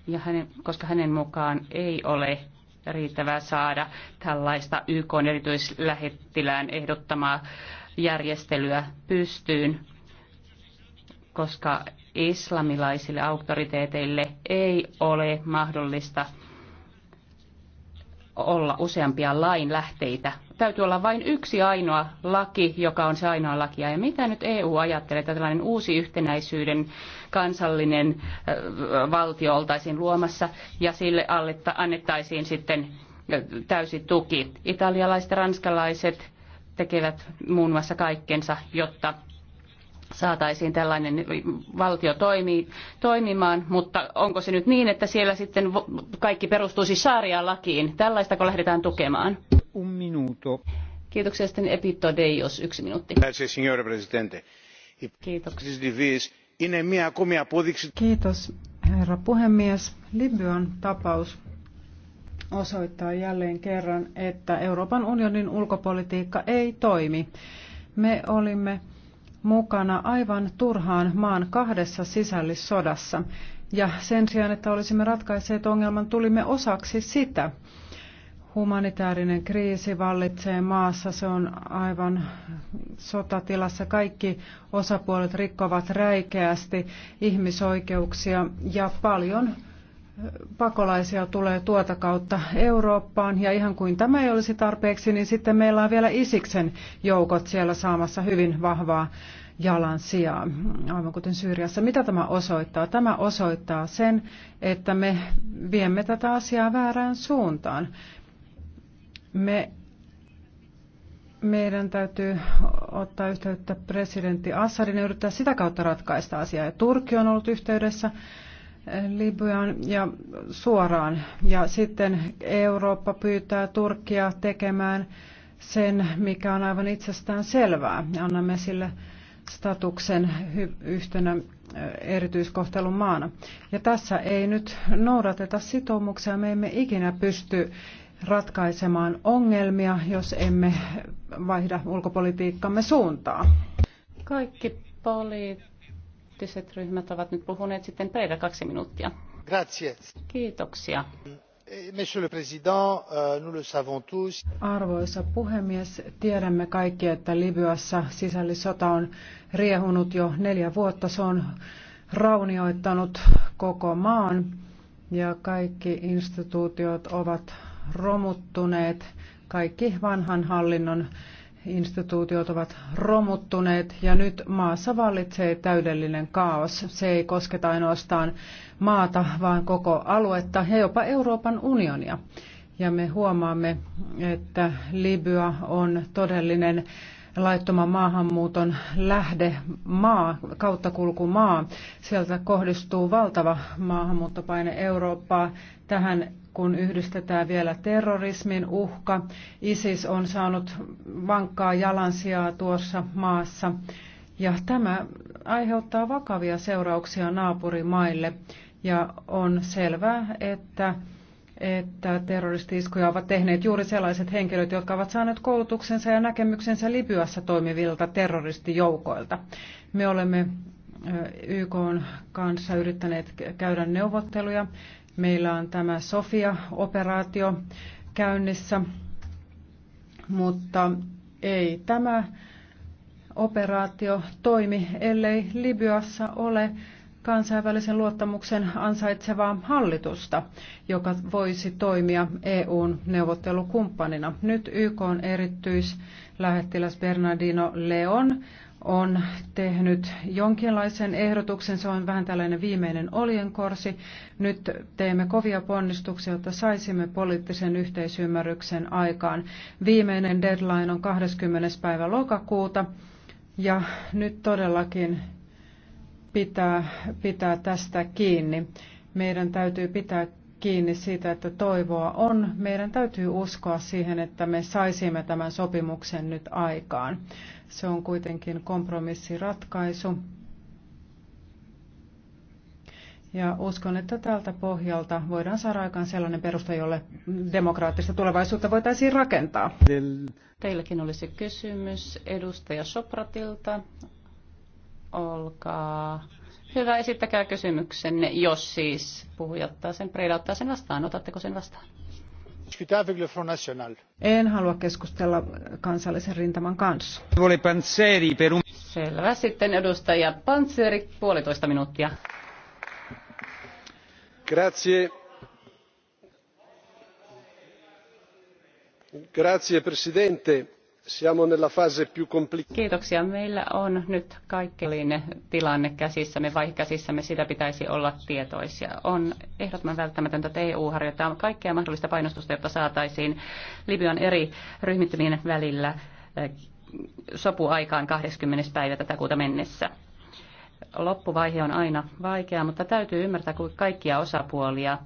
ja hänen, koska hänen mukaan ei ole riittävää saada tällaista YK erityislähettilään ehdottamaa järjestelyä pystyyn, koska islamilaisille auktoriteeteille ei ole mahdollista olla useampia lainlähteitä. Täytyy olla vain yksi ainoa laki, joka on se ainoa laki. Ja mitä nyt EU ajattelee, että tällainen uusi yhtenäisyyden kansallinen valtio oltaisiin luomassa ja sille annettaisiin sitten täysi tuki. Italialaiset ja ranskalaiset tekevät muun muassa kaikkensa, jotta saataisiin tällainen valtio toimii, toimimaan, mutta onko se nyt niin, että siellä sitten kaikki perustuisi saaria-lakiin? Tällaistako lähdetään tukemaan? Un minuto. Kiitoksia sitten Deios, yksi minuutti. Kiitos. Kiitos, herra puhemies. Libyan tapaus osoittaa jälleen kerran, että Euroopan unionin ulkopolitiikka ei toimi. Me olimme mukana aivan turhaan maan kahdessa sisällissodassa. Ja sen sijaan, että olisimme ratkaisseet ongelman, tulimme osaksi sitä. Humanitaarinen kriisi vallitsee maassa, se on aivan sotatilassa. Kaikki osapuolet rikkovat räikeästi ihmisoikeuksia ja paljon pakolaisia tulee tuota kautta Eurooppaan. Ja ihan kuin tämä ei olisi tarpeeksi, niin sitten meillä on vielä Isiksen joukot siellä saamassa hyvin vahvaa jalan sijaa, aivan kuten Syyriassa. Mitä tämä osoittaa? Tämä osoittaa sen, että me viemme tätä asiaa väärään suuntaan. Me, meidän täytyy ottaa yhteyttä presidentti Assadin ja yrittää sitä kautta ratkaista asiaa. Ja Turkki on ollut yhteydessä Libyan ja suoraan. Ja sitten Eurooppa pyytää Turkkia tekemään sen, mikä on aivan itsestään selvää. Annamme sille statuksen yhtenä erityiskohtelun maana. Ja tässä ei nyt noudateta sitoumuksia. Me emme ikinä pysty ratkaisemaan ongelmia, jos emme vaihda ulkopolitiikkamme suuntaa. Kaikki poliitikot poliittiset ryhmät ovat nyt puhuneet sitten teillä kaksi minuuttia. Grazie. Kiitoksia. Monsieur le Président, euh, nous le savons tous. Arvoisa puhemies, tiedämme kaikki, että Libyassa sisällissota on riehunut jo neljä vuotta. Se on raunioittanut koko maan ja kaikki instituutiot ovat romuttuneet, kaikki vanhan hallinnon instituutiot ovat romuttuneet ja nyt maassa vallitsee täydellinen kaos. Se ei kosketa ainoastaan maata, vaan koko aluetta ja jopa Euroopan unionia. Ja me huomaamme, että Libya on todellinen laittoman maahanmuuton lähde maa, kauttakulku maa. Sieltä kohdistuu valtava maahanmuuttopaine Eurooppaa. Tähän kun yhdistetään vielä terrorismin uhka. ISIS on saanut vankkaa jalansijaa tuossa maassa. Ja tämä aiheuttaa vakavia seurauksia naapurimaille. Ja on selvää, että että terroristiiskuja ovat tehneet juuri sellaiset henkilöt, jotka ovat saaneet koulutuksensa ja näkemyksensä Libyassa toimivilta terroristijoukoilta. Me olemme YK kanssa yrittäneet käydä neuvotteluja. Meillä on tämä Sofia-operaatio käynnissä, mutta ei tämä operaatio toimi, ellei Libyassa ole kansainvälisen luottamuksen ansaitsevaa hallitusta, joka voisi toimia EUn neuvottelukumppanina. Nyt YK on lähettiläs Bernardino Leon on tehnyt jonkinlaisen ehdotuksen. Se on vähän tällainen viimeinen oljenkorsi. Nyt teemme kovia ponnistuksia, jotta saisimme poliittisen yhteisymmärryksen aikaan. Viimeinen deadline on 20. päivä lokakuuta. Ja nyt todellakin pitää, pitää tästä kiinni. Meidän täytyy pitää kiinni siitä, että toivoa on. Meidän täytyy uskoa siihen, että me saisimme tämän sopimuksen nyt aikaan. Se on kuitenkin kompromissiratkaisu. Ja uskon, että tältä pohjalta voidaan saada aikaan sellainen perusta, jolle demokraattista tulevaisuutta voitaisiin rakentaa. Teilläkin olisi kysymys edustaja Sopratilta. Olkaa hyvä, esittäkää kysymyksenne, jos siis puhuja ottaa sen, Preida ottaa sen vastaan. Otatteko sen vastaan? En halua keskustella kansallisen rintaman kanssa. Selvä. Sitten edustaja Pantseri, puolitoista minuuttia. Grazie. Grazie, Presidente Siamo nella fase più Kiitoksia. Meillä on nyt kaikkein tilanne käsissämme, vai käsissämme sitä pitäisi olla tietoisia. On ehdottoman välttämätöntä, että EU harjoittaa kaikkea mahdollista painostusta, jotta saataisiin Libyan eri ryhmittymien välillä eh, sopu aikaan 20. päivä tätä kuuta mennessä loppuvaihe on aina vaikea, mutta täytyy ymmärtää kuin kaikkia osapuolia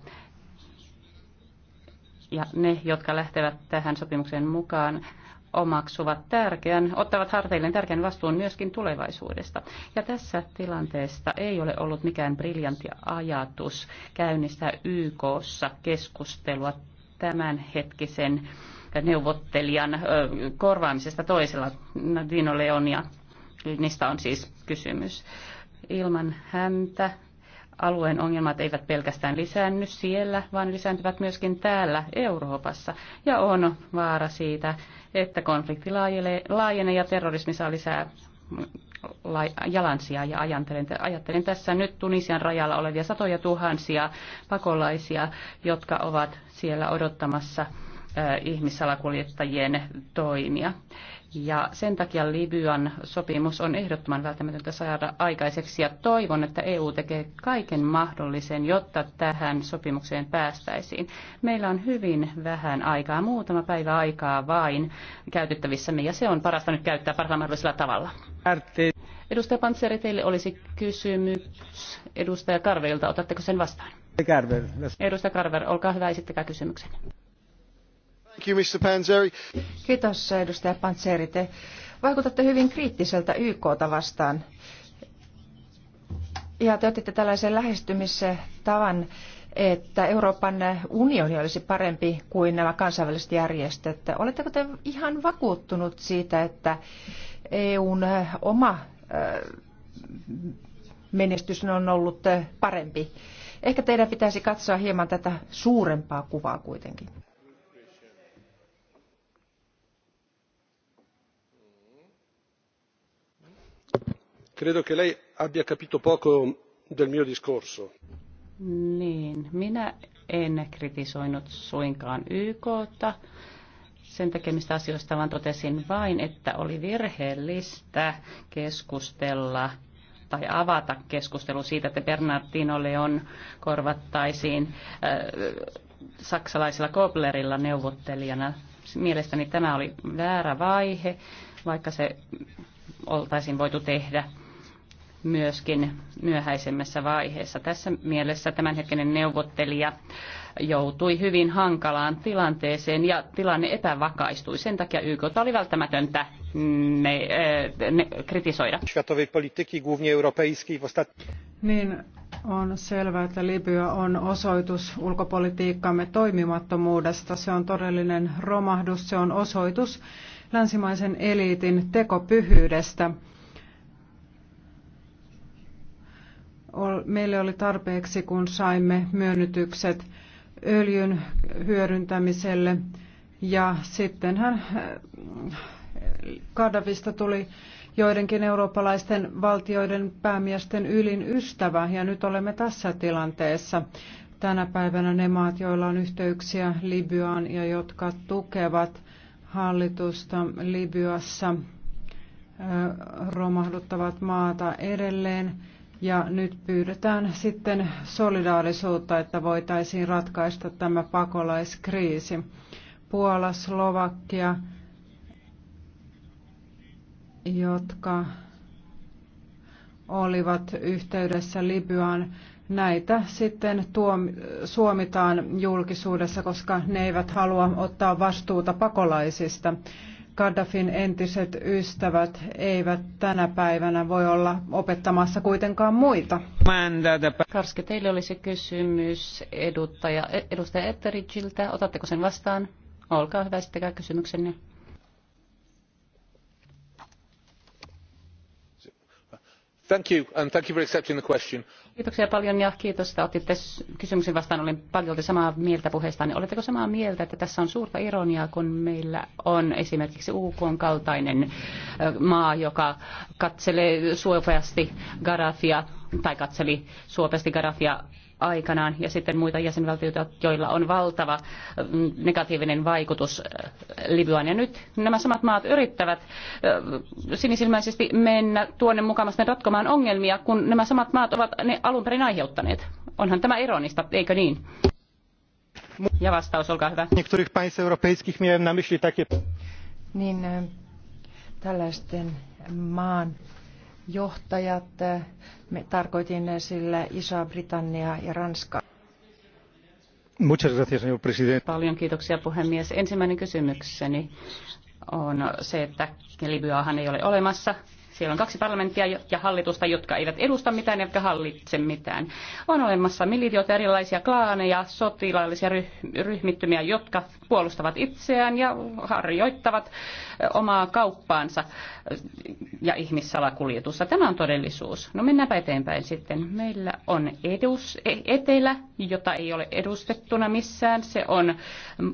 ja ne, jotka lähtevät tähän sopimukseen mukaan, omaksuvat tärkeän, ottavat harteilleen tärkeän vastuun myöskin tulevaisuudesta. Ja tässä tilanteesta ei ole ollut mikään briljantti ajatus käynnistää YKssa keskustelua tämänhetkisen neuvottelijan korvaamisesta toisella. Dino Leonia, niistä on siis kysymys. Ilman häntä alueen ongelmat eivät pelkästään lisäänny siellä, vaan lisääntyvät myöskin täällä Euroopassa. Ja on vaara siitä, että konflikti laajenee ja terrorismi saa lisää jalansia ja ajattelen, ajattelen tässä nyt Tunisian rajalla olevia satoja tuhansia pakolaisia, jotka ovat siellä odottamassa ihmissalakuljettajien toimia. Ja sen takia Libyan sopimus on ehdottoman välttämätöntä saada aikaiseksi ja toivon, että EU tekee kaiken mahdollisen, jotta tähän sopimukseen päästäisiin. Meillä on hyvin vähän aikaa, muutama päivä aikaa vain käytettävissämme ja se on parasta nyt käyttää parhaalla mahdollisella tavalla. Edustaja Pantseri, teille olisi kysymys edustaja Karvelilta. Otatteko sen vastaan? Edustaja Karver, olkaa hyvä, esittäkää kysymyksen. Kiitos edustaja Panzeri. Te vaikutatte hyvin kriittiseltä YKta vastaan. Ja te otitte tällaisen lähestymistavan, että Euroopan unioni olisi parempi kuin nämä kansainväliset järjestöt. Oletteko te ihan vakuuttunut siitä, että EUn oma menestys on ollut parempi? Ehkä teidän pitäisi katsoa hieman tätä suurempaa kuvaa kuitenkin. credo che lei abbia capito poco del mio discorso. Niin, minä en kritisoinut suinkaan YKta sen tekemistä asioista, vaan totesin vain, että oli virheellistä keskustella tai avata keskustelu siitä, että Bernardino Leon korvattaisiin äh, saksalaisella Koblerilla neuvottelijana. Mielestäni tämä oli väärä vaihe, vaikka se oltaisiin voitu tehdä myöskin myöhäisemmässä vaiheessa. Tässä mielessä tämänhetkinen neuvottelija joutui hyvin hankalaan tilanteeseen ja tilanne epävakaistui. Sen takia YK oli välttämätöntä ne, eh, ne, kritisoida. Niin on selvää, että Libya on osoitus ulkopolitiikkamme toimimattomuudesta. Se on todellinen romahdus, se on osoitus länsimaisen eliitin tekopyhyydestä. meille oli tarpeeksi, kun saimme myönnytykset öljyn hyödyntämiselle. Ja sittenhän kadavista äh, tuli joidenkin eurooppalaisten valtioiden päämiesten ylin ystävä, ja nyt olemme tässä tilanteessa. Tänä päivänä ne maat, joilla on yhteyksiä Libyaan ja jotka tukevat hallitusta Libyassa, äh, romahduttavat maata edelleen. Ja nyt pyydetään sitten solidaarisuutta, että voitaisiin ratkaista tämä pakolaiskriisi. Puola, Slovakia, jotka olivat yhteydessä Libyaan, näitä sitten tuom- suomitaan julkisuudessa, koska ne eivät halua ottaa vastuuta pakolaisista. Gaddafin entiset ystävät eivät tänä päivänä voi olla opettamassa kuitenkaan muita. Karske, teille olisi kysymys edustaja, edustaja Etteridgiltä. Otatteko sen vastaan? Olkaa hyvä, esittäkää kysymyksenne. Kiitoksia paljon ja kiitos, että otitte kysymyksen vastaan. Olen paljolti samaa mieltä puheestanne. Oletteko samaa mieltä, että tässä on suurta ironiaa, kun meillä on esimerkiksi UK kaltainen maa, joka katselee suopeasti Gaddafia tai katseli suopeasti Gaddafia aikanaan ja sitten muita jäsenvaltioita, joilla on valtava mm, negatiivinen vaikutus äh, Libyaan. Ja nyt nämä samat maat yrittävät äh, sinisilmäisesti mennä tuonne mukamasta ratkomaan ongelmia, kun nämä samat maat ovat ne alun perin aiheuttaneet. Onhan tämä ironista, eikö niin? Ja vastaus, olkaa hyvä. Niektórych państw europejskich miałem na myśli takie... Niin, e, tällaisten maan johtajat, me tarkoitin sillä Iso-Britannia ja Ranska. Muchas gracias, señor presidente. Paljon kiitoksia puhemies. Ensimmäinen kysymykseni on se, että Libyaahan ei ole olemassa siellä on kaksi parlamenttia ja hallitusta, jotka eivät edusta mitään eivätkä hallitse mitään. On olemassa militioita, erilaisia klaaneja, sotilaallisia ryhmittymiä, jotka puolustavat itseään ja harjoittavat omaa kauppaansa ja ihmissalakuljetusta. Tämä on todellisuus. No mennäänpä eteenpäin sitten. Meillä on edus, e-, etelä, jota ei ole edustettuna missään. Se on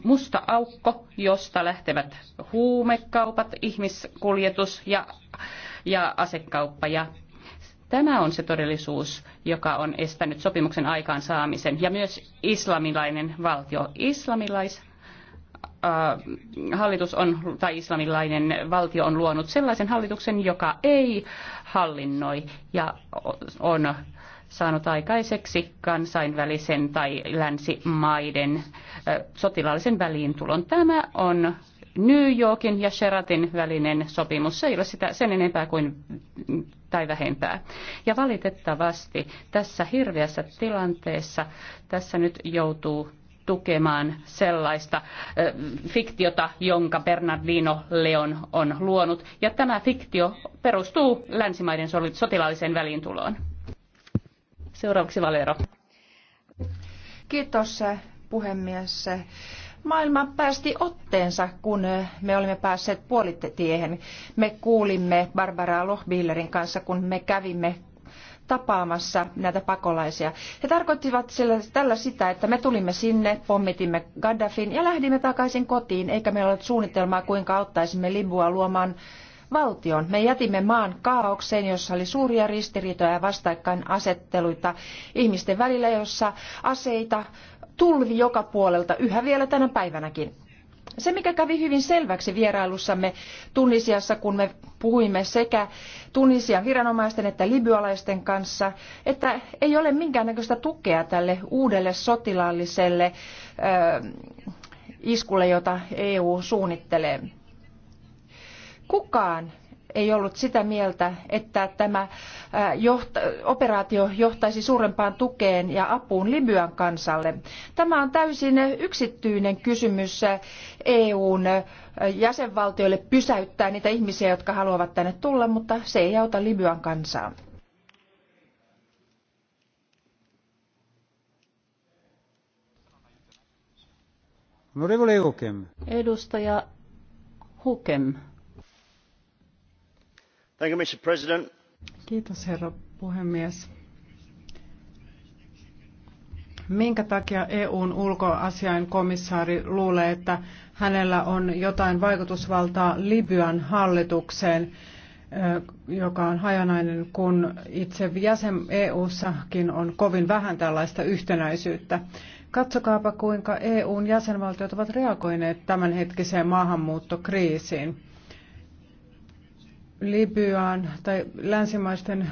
musta aukko, josta lähtevät huumekaupat, ihmiskuljetus ja ja asekauppa ja Tämä on se todellisuus, joka on estänyt sopimuksen aikaansaamisen ja myös islamilainen valtio. Islamilais, äh, hallitus on, tai islamilainen valtio on luonut sellaisen hallituksen, joka ei hallinnoi ja on saanut aikaiseksi kansainvälisen tai länsimaiden äh, sotilaallisen väliintulon. Tämä on New Yorkin ja Sheratin välinen sopimus. Se ei ole sitä sen enempää kuin tai vähempää. Ja valitettavasti tässä hirveässä tilanteessa tässä nyt joutuu tukemaan sellaista äh, fiktiota, jonka Bernardino Leon on luonut. Ja tämä fiktio perustuu länsimaiden sotilaalliseen väliintuloon. Seuraavaksi Valero. Kiitos puhemies. Maailma päästi otteensa, kun me olimme päässeet puolitiehen. Me kuulimme Barbara Lohbillerin kanssa, kun me kävimme tapaamassa näitä pakolaisia. He tarkoittivat sillä, tällä sitä, että me tulimme sinne, pommitimme Gaddafin ja lähdimme takaisin kotiin, eikä meillä ollut suunnitelmaa, kuinka auttaisimme Libua luomaan valtion. Me jätimme maan kaaukseen, jossa oli suuria ristiriitoja ja vastakkainasetteluita ihmisten välillä, jossa aseita tulvi joka puolelta yhä vielä tänä päivänäkin. Se, mikä kävi hyvin selväksi vierailussamme Tunisiassa, kun me puhuimme sekä Tunisian viranomaisten että libyalaisten kanssa, että ei ole minkäännäköistä tukea tälle uudelle sotilaalliselle ö, iskulle, jota EU suunnittelee. Kukaan ei ollut sitä mieltä, että tämä operaatio johtaisi suurempaan tukeen ja apuun Libyan kansalle. Tämä on täysin yksityinen kysymys EUn jäsenvaltioille pysäyttää niitä ihmisiä, jotka haluavat tänne tulla, mutta se ei auta Libyan kansaa. Edustaja Hukem. Kiitos herra puhemies. Minkä takia EUn ulkoasiain komissaari luulee, että hänellä on jotain vaikutusvaltaa Libyan hallitukseen, eh, joka on hajanainen, kun itse jäsen eu ssakin on kovin vähän tällaista yhtenäisyyttä? Katsokaapa, kuinka EUn jäsenvaltiot ovat reagoineet tämänhetkiseen maahanmuuttokriisiin. Libyaan tai länsimaisten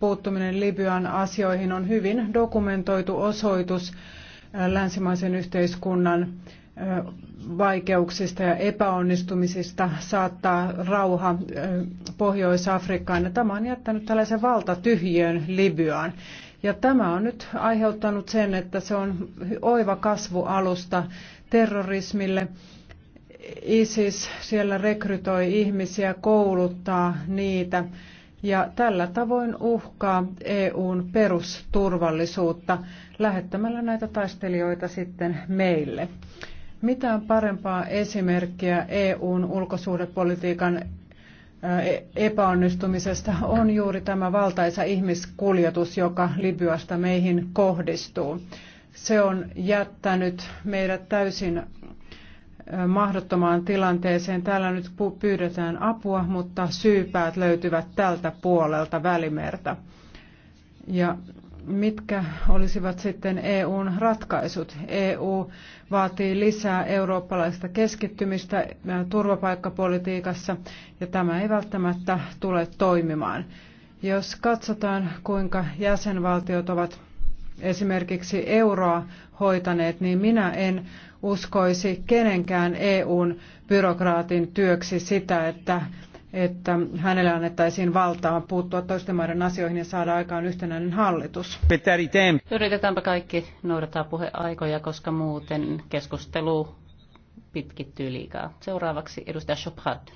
puuttuminen Libyan asioihin on hyvin dokumentoitu osoitus äh, länsimaisen yhteiskunnan äh, vaikeuksista ja epäonnistumisista saattaa rauha äh, Pohjois-Afrikkaan. Ja tämä on jättänyt tällaisen valtatyhjön Libyaan. Ja tämä on nyt aiheuttanut sen, että se on oiva kasvualusta terrorismille ISIS siellä rekrytoi ihmisiä, kouluttaa niitä ja tällä tavoin uhkaa EUn perusturvallisuutta lähettämällä näitä taistelijoita sitten meille. Mitään parempaa esimerkkiä EUn ulkosuhdepolitiikan e- epäonnistumisesta on juuri tämä valtaisa ihmiskuljetus, joka Libyasta meihin kohdistuu. Se on jättänyt meidät täysin mahdottomaan tilanteeseen. Täällä nyt pyydetään apua, mutta syypäät löytyvät tältä puolelta välimerta. Ja mitkä olisivat sitten EUn ratkaisut? EU vaatii lisää eurooppalaista keskittymistä turvapaikkapolitiikassa ja tämä ei välttämättä tule toimimaan. Jos katsotaan, kuinka jäsenvaltiot ovat esimerkiksi euroa hoitaneet, niin minä en uskoisi kenenkään EUn byrokraatin työksi sitä, että, että hänelle annettaisiin valtaa puuttua toisten maiden asioihin ja saada aikaan yhtenäinen hallitus. Yritetäänpä kaikki noudattaa puheaikoja, koska muuten keskustelu pitkittyy liikaa. Seuraavaksi edustaja Choprat.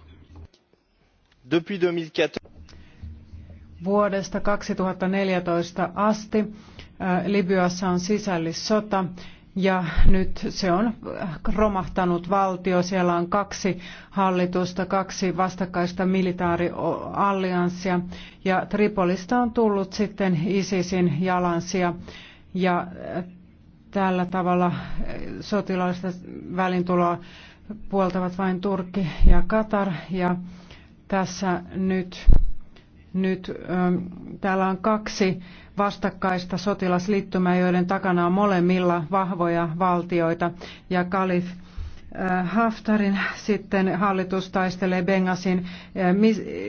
vuodesta 2014 asti Libyassa on sisällissota ja nyt se on romahtanut valtio. Siellä on kaksi hallitusta, kaksi vastakkaista militaariallianssia ja Tripolista on tullut sitten ISISin jalansia ja äh, tällä tavalla äh, sotilaallista välintuloa puoltavat vain Turkki ja Katar ja tässä nyt nyt täällä on kaksi vastakkaista sotilasliittymää, joiden takana on molemmilla vahvoja valtioita. Ja Kalif Haftarin sitten hallitus taistelee Bengasin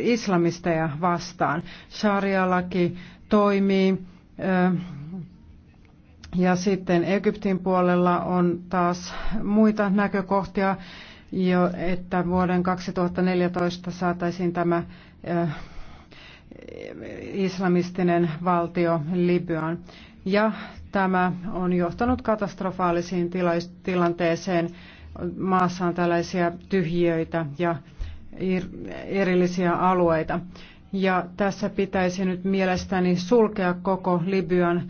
islamisteja vastaan. Sharia-laki toimii. Ja sitten Egyptin puolella on taas muita näkökohtia, jo, että vuoden 2014 saataisiin tämä islamistinen valtio Libyan. Ja tämä on johtanut katastrofaalisiin tilanteeseen. Maassa on tällaisia tyhjiöitä ja erillisiä alueita. Ja tässä pitäisi nyt mielestäni sulkea koko Libyan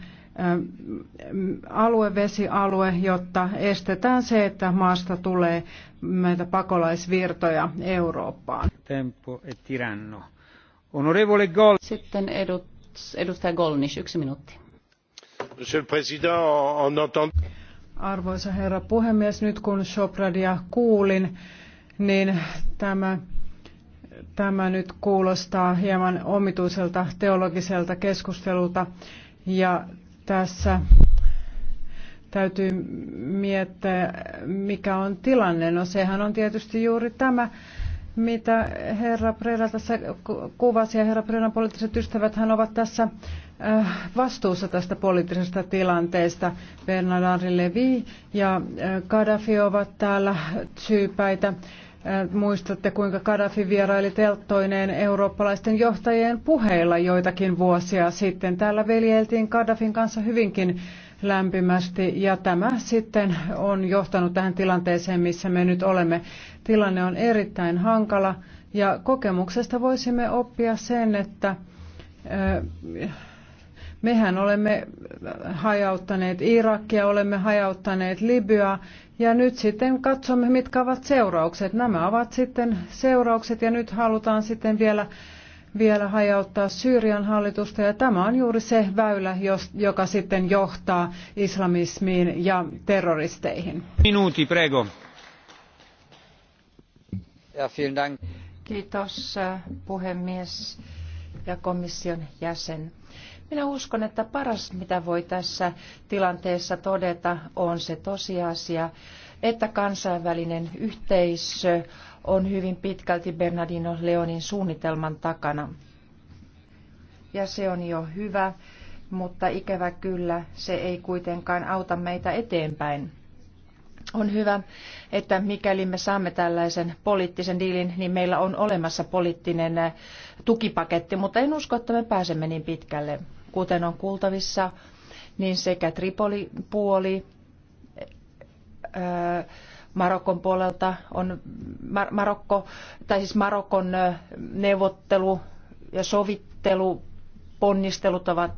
aluevesialue, jotta estetään se, että maasta tulee näitä pakolaisvirtoja Eurooppaan. Tempo et tiranno. Honorevole Gol. Sitten edut, edustaja Golnish, yksi minuutti. Monsieur le Président, on entend... Arvoisa herra puhemies, nyt kun Sopradia kuulin, niin tämä, tämä nyt kuulostaa hieman omituiselta teologiselta keskustelulta. Ja tässä täytyy miettiä, mikä on tilanne. No sehän on tietysti juuri tämä, mitä herra Preda tässä kuvasi ja herra Predan poliittiset ystävät hän ovat tässä äh, vastuussa tästä poliittisesta tilanteesta. Bernard-Henri Levy ja äh, Gaddafi ovat täällä syypäitä. Äh, muistatte, kuinka Gaddafi vieraili telttoineen eurooppalaisten johtajien puheilla joitakin vuosia sitten. Täällä veljeltiin Gaddafin kanssa hyvinkin lämpimästi ja tämä sitten on johtanut tähän tilanteeseen, missä me nyt olemme. Tilanne on erittäin hankala ja kokemuksesta voisimme oppia sen, että mehän olemme hajauttaneet Irakia, olemme hajauttaneet Libyaa ja nyt sitten katsomme, mitkä ovat seuraukset. Nämä ovat sitten seuraukset ja nyt halutaan sitten vielä vielä hajauttaa Syyrian hallitusta ja tämä on juuri se väylä, joka sitten johtaa islamismiin ja terroristeihin. Minuutti, prego. Ja, dank. Kiitos äh, puhemies ja komission jäsen. Minä uskon, että paras mitä voi tässä tilanteessa todeta on se tosiasia, että kansainvälinen yhteisö on hyvin pitkälti Bernardino Leonin suunnitelman takana. Ja se on jo hyvä, mutta ikävä kyllä se ei kuitenkaan auta meitä eteenpäin. On hyvä, että mikäli me saamme tällaisen poliittisen diilin, niin meillä on olemassa poliittinen eh, tukipaketti, mutta en usko, että me pääsemme niin pitkälle. Kuten on kuultavissa, niin sekä Tripoli-puoli, eh, Marokon puolelta on Mar- Marokko, tai siis Marokon neuvottelu ja sovittelu ponnistelut ovat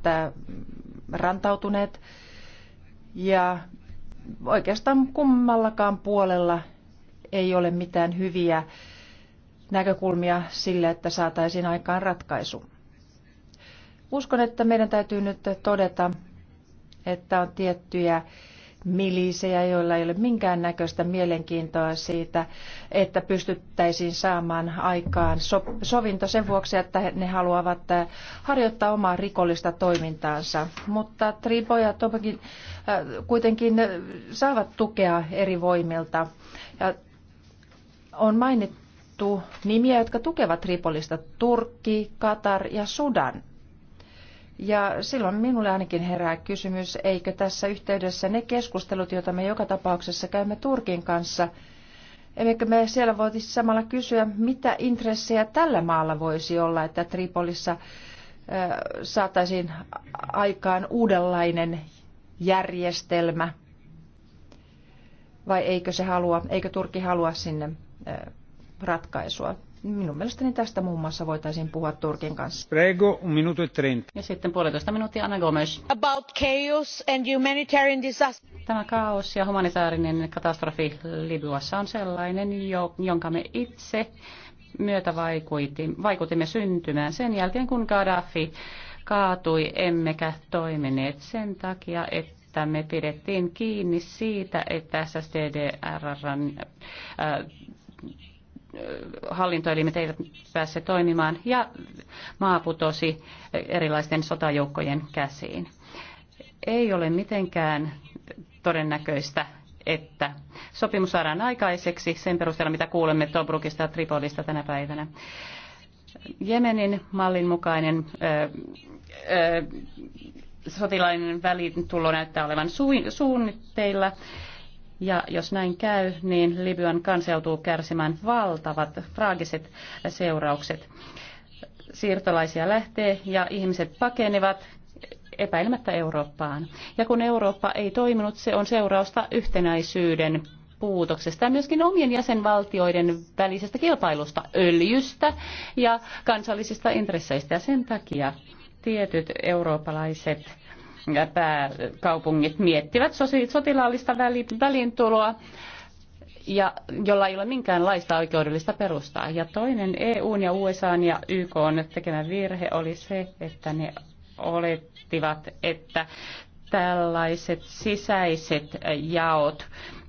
rantautuneet ja oikeastaan kummallakaan puolella ei ole mitään hyviä näkökulmia sille, että saataisiin aikaan ratkaisu. Uskon, että meidän täytyy nyt todeta, että on tiettyjä milisejä, joilla ei ole minkäännäköistä mielenkiintoa siitä, että pystyttäisiin saamaan aikaan sovinto sen vuoksi, että ne haluavat äh, harjoittaa omaa rikollista toimintaansa. Mutta Tribo ja äh, kuitenkin äh, saavat tukea eri voimilta. Ja on mainittu nimiä, jotka tukevat Tripolista Turkki, Katar ja Sudan. Ja silloin minulle ainakin herää kysymys, eikö tässä yhteydessä ne keskustelut, joita me joka tapauksessa käymme Turkin kanssa, Emmekö me siellä voitaisiin samalla kysyä, mitä intressejä tällä maalla voisi olla, että Tripolissa saataisiin aikaan uudenlainen järjestelmä? Vai eikö se halua, eikö Turkki halua sinne ratkaisua? minun mielestäni tästä muun muassa voitaisiin puhua Turkin kanssa. Prego, un minuto e trenta. Ja sitten puolitoista minuuttia Anna Gomes. About chaos and humanitarian disaster. Tämä kaos ja humanitaarinen katastrofi Libyassa on sellainen, jo, jonka me itse myötä vaikutimme syntymään sen jälkeen, kun Gaddafi kaatui, emmekä toimineet sen takia, että me pidettiin kiinni siitä, että SSDDRn hallintoelimet eivät pääse toimimaan ja maa putosi erilaisten sotajoukkojen käsiin. Ei ole mitenkään todennäköistä, että sopimus saadaan aikaiseksi sen perusteella, mitä kuulemme Tobrukista ja Tripolista tänä päivänä. Jemenin mallin mukainen ö, ö, sotilainen välitulo näyttää olevan suunnitteilla ja jos näin käy, niin Libyan kansa joutuu kärsimään valtavat fraagiset seuraukset. Siirtolaisia lähtee ja ihmiset pakenevat epäilemättä Eurooppaan. Ja kun Eurooppa ei toiminut, se on seurausta yhtenäisyyden puutoksesta ja myöskin omien jäsenvaltioiden välisestä kilpailusta, öljystä ja kansallisista intresseistä. Ja sen takia tietyt eurooppalaiset pääkaupungit miettivät sotilaallista väliintuloa ja jolla ei ole minkäänlaista oikeudellista perustaa. Ja toinen EUn ja USAn ja YKn tekemä virhe oli se, että ne olettivat, että tällaiset sisäiset jaot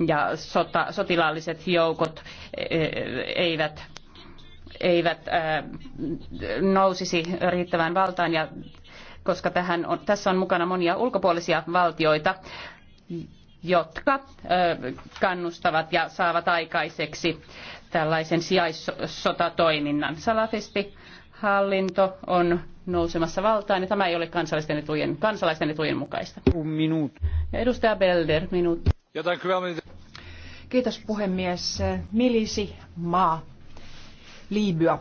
ja sota, sotilaalliset joukot e, eivät eivät nousisi riittävän valtaan ja koska tähän on, tässä on mukana monia ulkopuolisia valtioita, jotka kannustavat ja saavat aikaiseksi tällaisen sijaissotatoiminnan. Salafisti hallinto on nousemassa valtaan ja tämä ei ole kansallisten etujen, kansalaisten etujen mukaista. Minuut. Ja edustaja Belder, minuutti. Kiitos puhemies. Milisi maa, Liibya,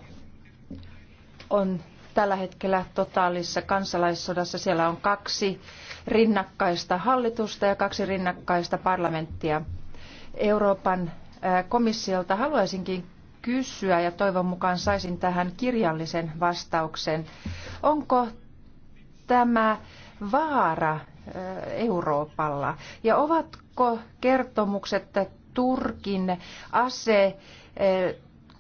on tällä hetkellä totaalissa kansalaissodassa. Siellä on kaksi rinnakkaista hallitusta ja kaksi rinnakkaista parlamenttia. Euroopan komissiolta haluaisinkin kysyä ja toivon mukaan saisin tähän kirjallisen vastauksen. Onko tämä vaara Euroopalla ja ovatko kertomukset Turkin ase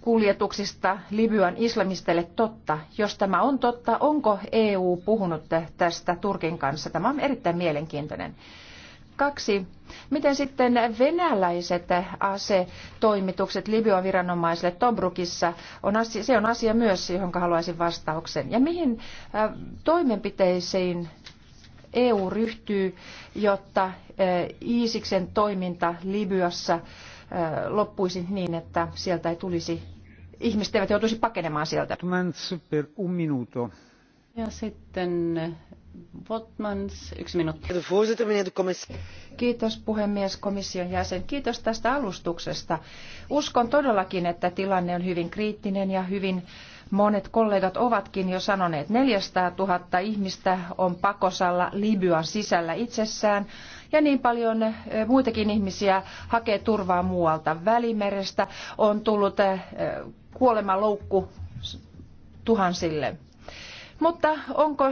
kuljetuksista Libyan islamisteille totta? Jos tämä on totta, onko EU puhunut tästä Turkin kanssa? Tämä on erittäin mielenkiintoinen. Kaksi. Miten sitten venäläiset asetoimitukset Libyan viranomaisille Tobrukissa? On asia, se on asia myös, johon haluaisin vastauksen. Ja mihin toimenpiteisiin EU ryhtyy, jotta Iisiksen toiminta Libyassa loppuisi niin, että sieltä ei tulisi ihmiset eivät joutuisi pakenemaan sieltä. Per un minuto. Ja sitten Votmans, eh, yksi minuutti. Kiitos puhemies komission jäsen. Kiitos tästä alustuksesta. Uskon todellakin, että tilanne on hyvin kriittinen ja hyvin monet kollegat ovatkin jo sanoneet. 400 000 ihmistä on pakosalla Libyan sisällä itsessään ja niin paljon muitakin ihmisiä hakee turvaa muualta. Välimerestä on tullut kuolemaloukku tuhansille. Mutta onko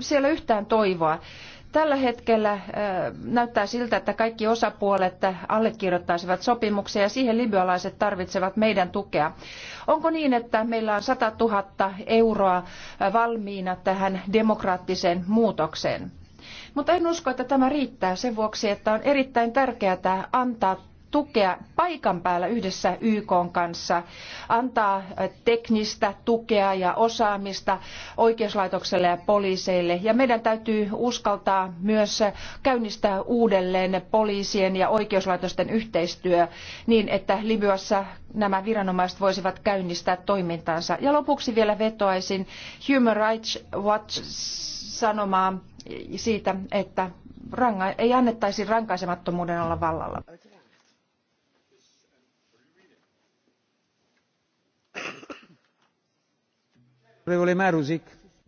siellä yhtään toivoa? Tällä hetkellä näyttää siltä, että kaikki osapuolet allekirjoittaisivat sopimuksia ja siihen libyalaiset tarvitsevat meidän tukea. Onko niin, että meillä on 100 000 euroa valmiina tähän demokraattiseen muutokseen? Mutta en usko, että tämä riittää sen vuoksi, että on erittäin tärkeää antaa tukea paikan päällä yhdessä YK kanssa, antaa äh, teknistä tukea ja osaamista oikeuslaitokselle ja poliiseille. Ja meidän täytyy uskaltaa myös käynnistää uudelleen poliisien ja oikeuslaitosten yhteistyö niin, että Libyassa nämä viranomaiset voisivat käynnistää toimintansa. Ja lopuksi vielä vetoaisin Human Rights Watch sanomaa siitä, että ranga- ei annettaisi rankaisemattomuuden olla vallalla.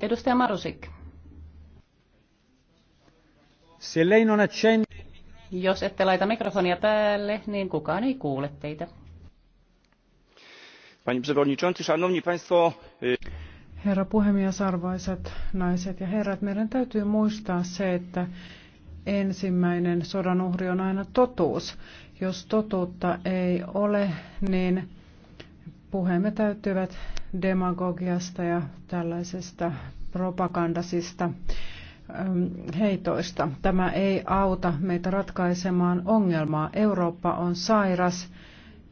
Edustaja Marusik. Se lei non accende... Jos ette laita mikrofonia päälle, niin kukaan ei kuule teitä. Panie przewodniczący, szanowni państwo... Herra puhemies, arvoisat naiset ja herrat, meidän täytyy muistaa se, että ensimmäinen sodan uhri on aina totuus. Jos totuutta ei ole, niin puheemme täyttyvät demagogiasta ja tällaisesta propagandasista ähm, heitoista. Tämä ei auta meitä ratkaisemaan ongelmaa. Eurooppa on sairas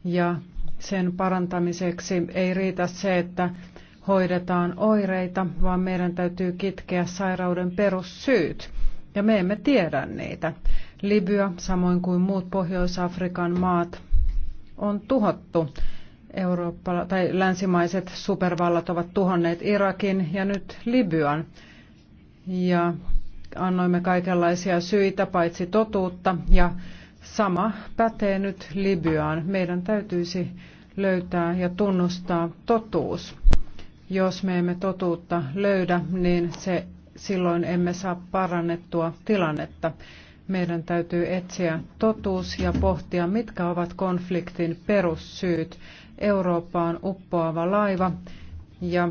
ja sen parantamiseksi ei riitä se, että hoidetaan oireita, vaan meidän täytyy kitkeä sairauden perussyyt. Ja me emme tiedä niitä. Libya, samoin kuin muut Pohjois-Afrikan maat, on tuhottu. Eurooppa, tai länsimaiset supervallat ovat tuhonneet Irakin ja nyt Libyan. Ja annoimme kaikenlaisia syitä, paitsi totuutta. Ja sama pätee nyt Libyaan. Meidän täytyisi löytää ja tunnustaa totuus. Jos me emme totuutta löydä, niin se, silloin emme saa parannettua tilannetta. Meidän täytyy etsiä totuus ja pohtia, mitkä ovat konfliktin perussyyt. Eurooppa on uppoava laiva ja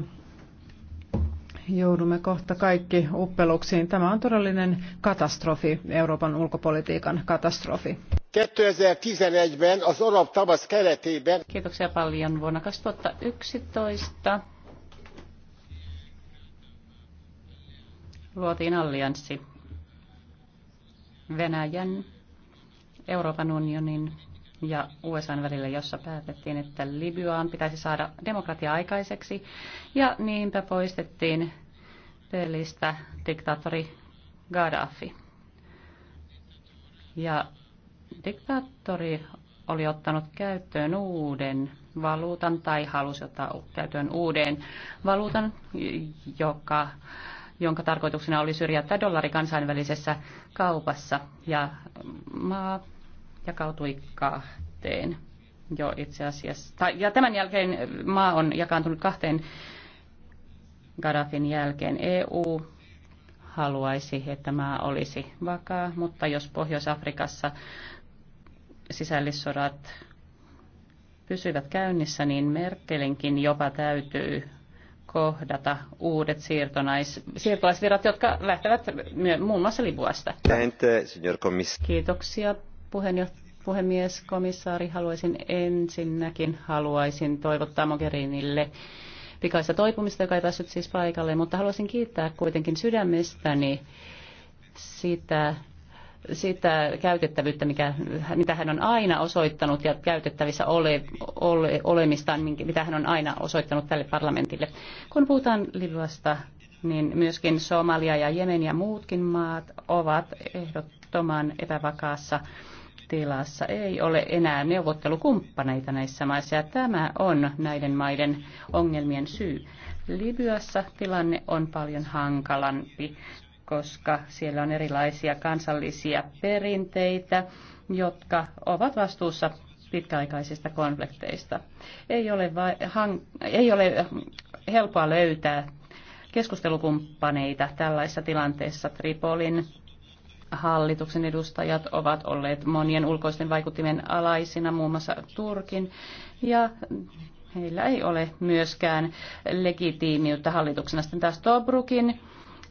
joudumme kohta kaikki uppeluksiin. Tämä on todellinen katastrofi, Euroopan ulkopolitiikan katastrofi. 2011 az arab tavasz keretében... Kiitoksia paljon. Vuonna 2011 luotiin allianssi Venäjän, Euroopan unionin ja USA välillä, jossa päätettiin, että Libyaan pitäisi saada demokratia aikaiseksi. Ja niinpä poistettiin pelistä diktaattori Gaddafi. Ja diktaattori oli ottanut käyttöön uuden valuutan tai halusi ottaa käyttöön uuden valuutan, joka jonka tarkoituksena oli syrjäyttää dollari kansainvälisessä kaupassa. Ja maa jakautui kahteen jo itse asiassa. Tai, ja tämän jälkeen maa on jakaantunut kahteen Gaddafin jälkeen. EU haluaisi, että maa olisi vakaa, mutta jos Pohjois-Afrikassa sisällissodat pysyvät käynnissä, niin Merkelinkin jopa täytyy kohdata uudet siirtonais, siirtolaisvirrat, jotka lähtevät muun muassa Libuasta. Kiitoksia puheenjohtaja. Puhemies, komissaari, haluaisin ensinnäkin haluaisin toivottaa Mogherinille pikaista toipumista, joka ei päässyt siis paikalle, mutta haluaisin kiittää kuitenkin sydämestäni sitä sitä käytettävyyttä, mikä, mitä hän on aina osoittanut ja käytettävissä ole, ole, olemistaan, mitä hän on aina osoittanut tälle parlamentille. Kun puhutaan Libyasta, niin myöskin Somalia ja Jemen ja muutkin maat ovat ehdottoman epävakaassa tilassa. Ei ole enää neuvottelukumppaneita näissä maissa ja tämä on näiden maiden ongelmien syy. Libyassa tilanne on paljon hankalampi koska siellä on erilaisia kansallisia perinteitä, jotka ovat vastuussa pitkäaikaisista konflikteista. Ei ole, vai, hang, ei ole helpoa löytää keskustelukumppaneita tällaisessa tilanteessa. Tripolin hallituksen edustajat ovat olleet monien ulkoisten vaikuttimen alaisina, muun muassa Turkin, ja heillä ei ole myöskään legitiimiyttä hallituksena. Sitten taas Tobrukin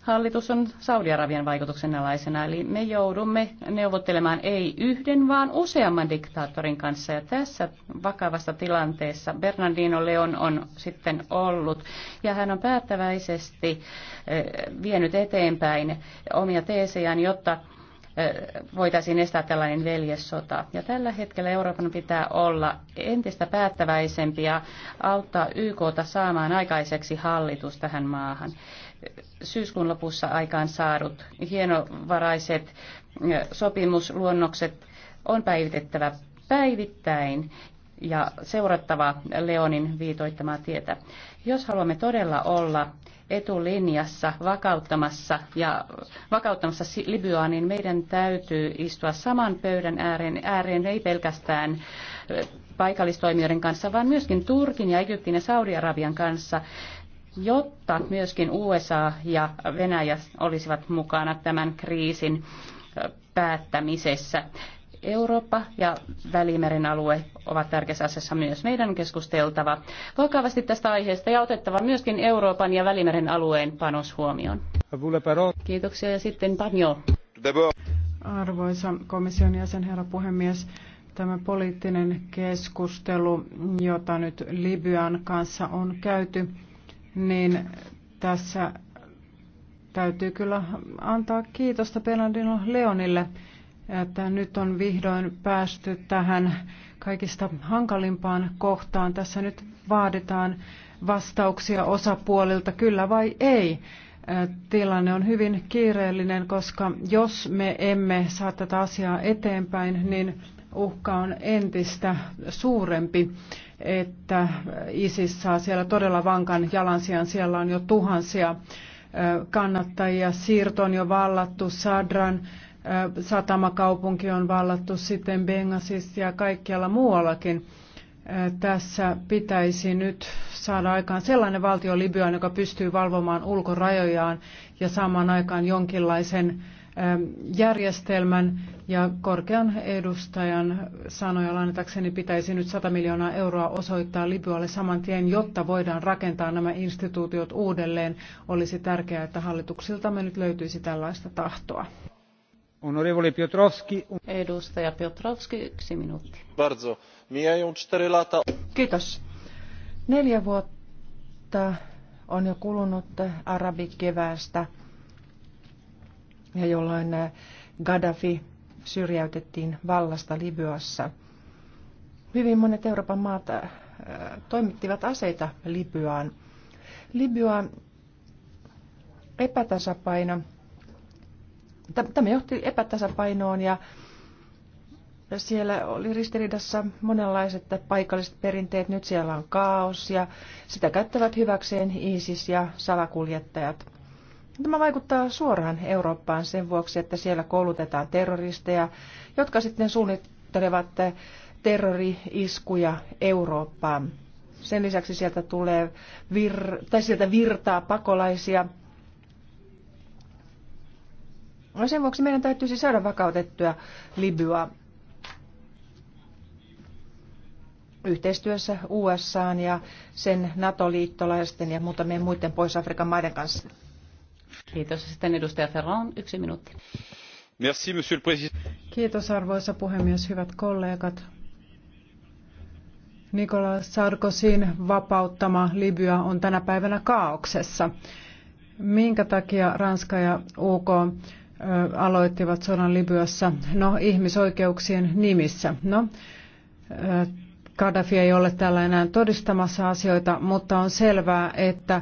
hallitus on Saudi-Arabian vaikutuksen alaisena. Eli me joudumme neuvottelemaan ei yhden, vaan useamman diktaattorin kanssa. Ja tässä vakavassa tilanteessa Bernardino Leon on sitten ollut. Ja hän on päättäväisesti eh, vienyt eteenpäin omia teesejään, jotta eh, voitaisiin estää tällainen veljessota. Ja tällä hetkellä Euroopan pitää olla entistä päättäväisempi ja auttaa YKta saamaan aikaiseksi hallitus tähän maahan syyskuun lopussa aikaan saadut hienovaraiset sopimusluonnokset on päivitettävä päivittäin ja seurattava Leonin viitoittamaa tietä. Jos haluamme todella olla etulinjassa vakauttamassa ja vakauttamassa Libyaa, niin meidän täytyy istua saman pöydän ääreen, ääreen ei pelkästään paikallistoimijoiden kanssa, vaan myöskin Turkin ja Egyptin ja Saudi-Arabian kanssa jotta myöskin USA ja Venäjä olisivat mukana tämän kriisin päättämisessä. Eurooppa ja Välimeren alue ovat tärkeässä asiassa myös. Meidän keskusteltava vakavasti tästä aiheesta ja otettava myöskin Euroopan ja Välimeren alueen panos huomioon. Kiitoksia ja sitten Panjo. Arvoisa komission jäsen herra puhemies, tämä poliittinen keskustelu, jota nyt Libyan kanssa on käyty, niin tässä täytyy kyllä antaa kiitosta Bernardino Leonille, että nyt on vihdoin päästy tähän kaikista hankalimpaan kohtaan. Tässä nyt vaaditaan vastauksia osapuolilta, kyllä vai ei. Tilanne on hyvin kiireellinen, koska jos me emme saa tätä asiaa eteenpäin, niin uhka on entistä suurempi että ISIS saa siellä todella vankan jalansijan. Siellä on jo tuhansia kannattajia. Siirto on jo vallattu, Sadran satamakaupunki on vallattu, sitten Bengasis ja kaikkialla muuallakin. Tässä pitäisi nyt saada aikaan sellainen valtio Libyaan, joka pystyy valvomaan ulkorajojaan ja saamaan aikaan jonkinlaisen järjestelmän, ja korkean edustajan sanoja lainatakseni pitäisi nyt 100 miljoonaa euroa osoittaa Libyalle saman tien, jotta voidaan rakentaa nämä instituutiot uudelleen. Olisi tärkeää, että hallituksiltamme nyt löytyisi tällaista tahtoa. Honorevole Piotrowski. Edustaja Piotrowski, yksi minuutti. Bardzo. Mijają cztery lata. Kiitos. Neljä vuotta on jo kulunut arabikeväästä, ja jolloin Gaddafi syrjäytettiin vallasta Libyassa. Hyvin monet Euroopan maat äh, toimittivat aseita Libyaan. Libya epätasapaino, tämä johti epätasapainoon ja siellä oli ristiriidassa monenlaiset paikalliset perinteet. Nyt siellä on kaos ja sitä käyttävät hyväkseen ISIS ja salakuljettajat. Tämä vaikuttaa suoraan Eurooppaan sen vuoksi, että siellä koulutetaan terroristeja, jotka sitten suunnittelevat terrori-iskuja Eurooppaan. Sen lisäksi sieltä tulee vir- tai sieltä virtaa pakolaisia. No, sen vuoksi meidän täytyisi saada vakautettua Libyaa yhteistyössä USA ja sen NATO-liittolaisten ja muutamien muiden pois Afrikan maiden kanssa. Kiitos. Sitten edustaja Ferron, yksi minuutti. Merci, monsieur le président. Kiitos arvoisa puhemies, hyvät kollegat. Nicolas Sarkozyn vapauttama Libya on tänä päivänä kaauksessa. Minkä takia Ranska ja UK aloittivat sodan Libyassa? No, ihmisoikeuksien nimissä. No, Gaddafi ei ole täällä enää todistamassa asioita, mutta on selvää, että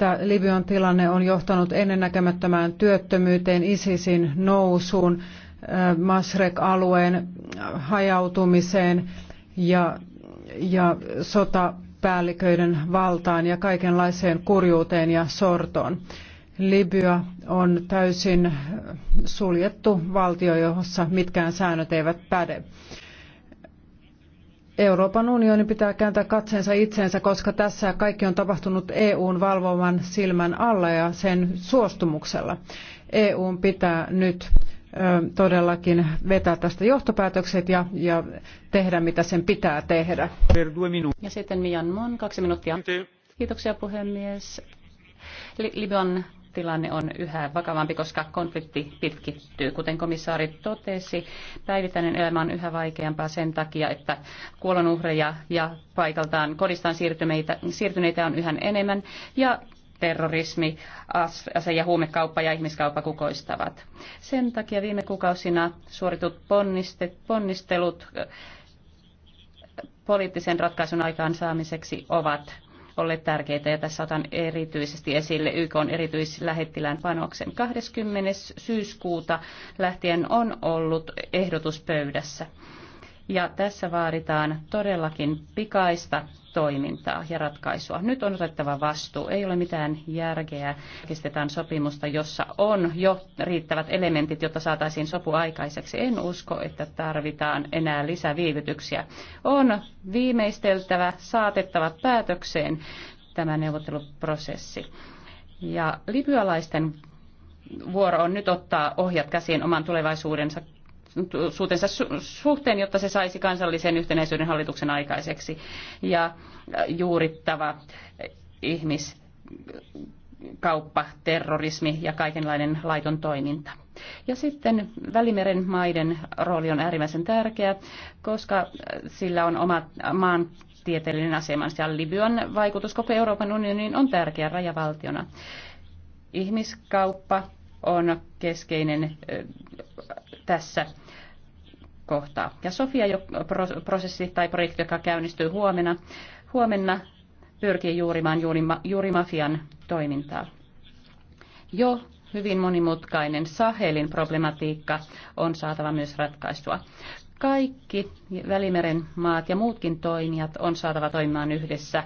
että Libyan tilanne on johtanut ennennäkemättömään työttömyyteen, ISISin nousuun, äh, Masrek-alueen hajautumiseen ja, ja sotapäälliköiden valtaan ja kaikenlaiseen kurjuuteen ja sortoon. Libya on täysin suljettu valtio, jossa mitkään säännöt eivät päde. Euroopan unioni pitää kääntää katseensa itseensä, koska tässä kaikki on tapahtunut EUn valvovan silmän alla ja sen suostumuksella. EUn pitää nyt todellakin vetää tästä johtopäätökset ja, ja tehdä, mitä sen pitää tehdä. Ja sitten Mian Mon, kaksi minuuttia. Kiitoksia puhemies. Libyan tilanne on yhä vakavampi, koska konflikti pitkittyy. Kuten komissaari totesi, päivittäinen elämä on yhä vaikeampaa sen takia, että kuolonuhreja ja paikaltaan kodistaan siirtyneitä, siirtyneitä on yhä enemmän ja terrorismi, ase- ja huumekauppa ja ihmiskauppa kukoistavat. Sen takia viime kuukausina suoritut ponnistelut poliittisen ratkaisun aikaansaamiseksi ovat olleet tärkeitä ja tässä otan erityisesti esille YK on erityislähettilään panoksen. 20. syyskuuta lähtien on ollut ehdotus pöydässä ja tässä vaaditaan todellakin pikaista toimintaa ja ratkaisua. Nyt on otettava vastuu. Ei ole mitään järkeä. Kestetään sopimusta, jossa on jo riittävät elementit, jotta saataisiin sopu aikaiseksi. En usko, että tarvitaan enää lisäviivytyksiä. On viimeisteltävä, saatettava päätökseen tämä neuvotteluprosessi. Ja libyalaisten vuoro on nyt ottaa ohjat käsiin oman tulevaisuudensa suhteensa suhteen, jotta se saisi kansallisen yhtenäisyyden hallituksen aikaiseksi. Ja juurittava ihmiskauppa, terrorismi ja kaikenlainen laiton toiminta. Ja sitten Välimeren maiden rooli on äärimmäisen tärkeä, koska sillä on oma maan tieteellinen asemansa ja Libyan vaikutus koko Euroopan unioniin on tärkeä rajavaltiona. Ihmiskauppa on keskeinen tässä kohtaa. Ja Sofia-prosessi tai projekti, joka käynnistyy huomenna, huomenna pyrkii juurimaan juuri mafian toimintaa. Jo hyvin monimutkainen Sahelin problematiikka on saatava myös ratkaistua. Kaikki Välimeren maat ja muutkin toimijat on saatava toimimaan yhdessä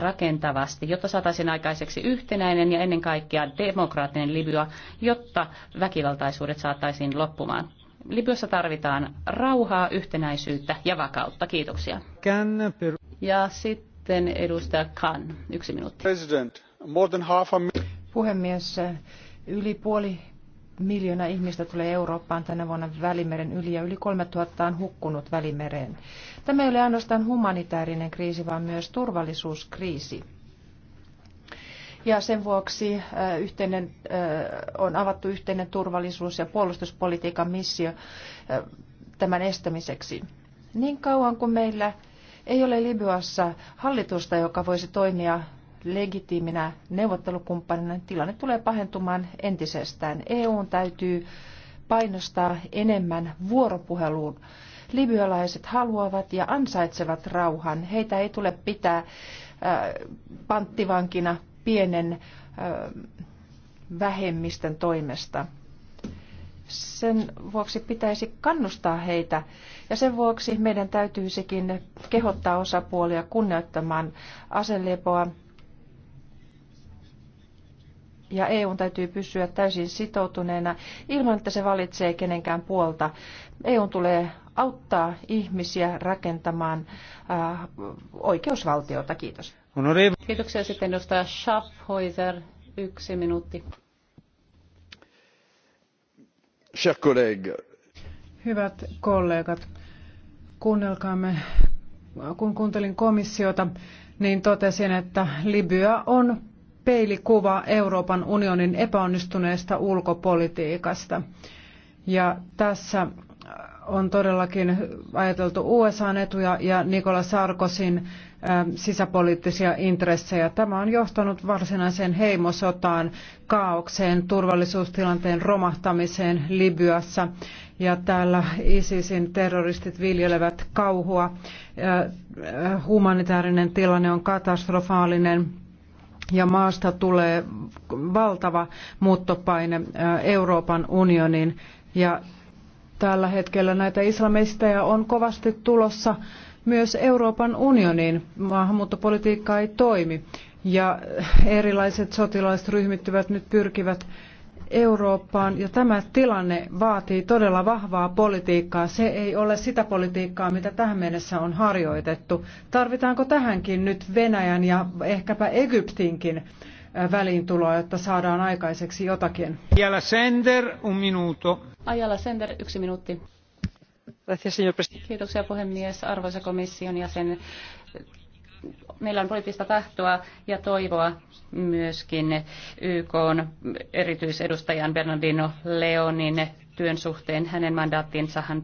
rakentavasti, jotta saataisiin aikaiseksi yhtenäinen ja ennen kaikkea demokraattinen Libya, jotta väkivaltaisuudet saataisiin loppumaan. Libyassa tarvitaan rauhaa, yhtenäisyyttä ja vakautta. Kiitoksia. Ja sitten edustaja Khan, yksi minuutti. Puhemies, yli puoli miljoona ihmistä tulee Eurooppaan tänä vuonna Välimeren yli ja yli 3000 on hukkunut Välimereen. Tämä ei ole ainoastaan humanitaarinen kriisi, vaan myös turvallisuuskriisi ja sen vuoksi äh, yhteinen, äh, on avattu yhteinen turvallisuus- ja puolustuspolitiikan missio äh, tämän estämiseksi. Niin kauan kuin meillä ei ole Libyassa hallitusta, joka voisi toimia legitiiminä neuvottelukumppanina, niin tilanne tulee pahentumaan entisestään. EUn täytyy painostaa enemmän vuoropuheluun. Libyalaiset haluavat ja ansaitsevat rauhan. Heitä ei tule pitää panttivankina pienen vähemmistön toimesta. Sen vuoksi pitäisi kannustaa heitä ja sen vuoksi meidän täytyisikin kehottaa osapuolia kunnioittamaan aselepoa ja EU täytyy pysyä täysin sitoutuneena ilman, että se valitsee kenenkään puolta. EU tulee auttaa ihmisiä rakentamaan äh, oikeusvaltiota. Kiitos. Kiitoksia sitten edustaja Schaffhäuser. Yksi minuutti. Hyvät kollegat, kuunnelkaamme, kun kuuntelin komissiota, niin totesin, että Libya on peilikuva Euroopan unionin epäonnistuneesta ulkopolitiikasta. Ja tässä on todellakin ajateltu usa etuja ja Nicolas Sarkosin sisäpoliittisia intressejä. Tämä on johtanut varsinaiseen heimosotaan, kaaukseen, turvallisuustilanteen romahtamiseen Libyassa ja täällä ISISin terroristit viljelevät kauhua. Humanitaarinen tilanne on katastrofaalinen ja maasta tulee valtava muuttopaine Euroopan unionin ja tällä hetkellä. Näitä islamisteja on kovasti tulossa myös Euroopan unioniin. Maahanmuuttopolitiikka ei toimi ja erilaiset sotilaiset ryhmittyvät nyt pyrkivät Eurooppaan ja tämä tilanne vaatii todella vahvaa politiikkaa. Se ei ole sitä politiikkaa, mitä tähän mennessä on harjoitettu. Tarvitaanko tähänkin nyt Venäjän ja ehkäpä Egyptinkin väliintuloa, jotta saadaan aikaiseksi jotakin. Ajala Sender, un minuto. Ajala Sender, yksi minuutti. Kiitoksia puhemies, arvoisa komission jäsen. Meillä on poliittista tahtoa ja toivoa myöskin YK erityisedustajan Bernardino Leonin työn suhteen. Hänen mandaattinsahan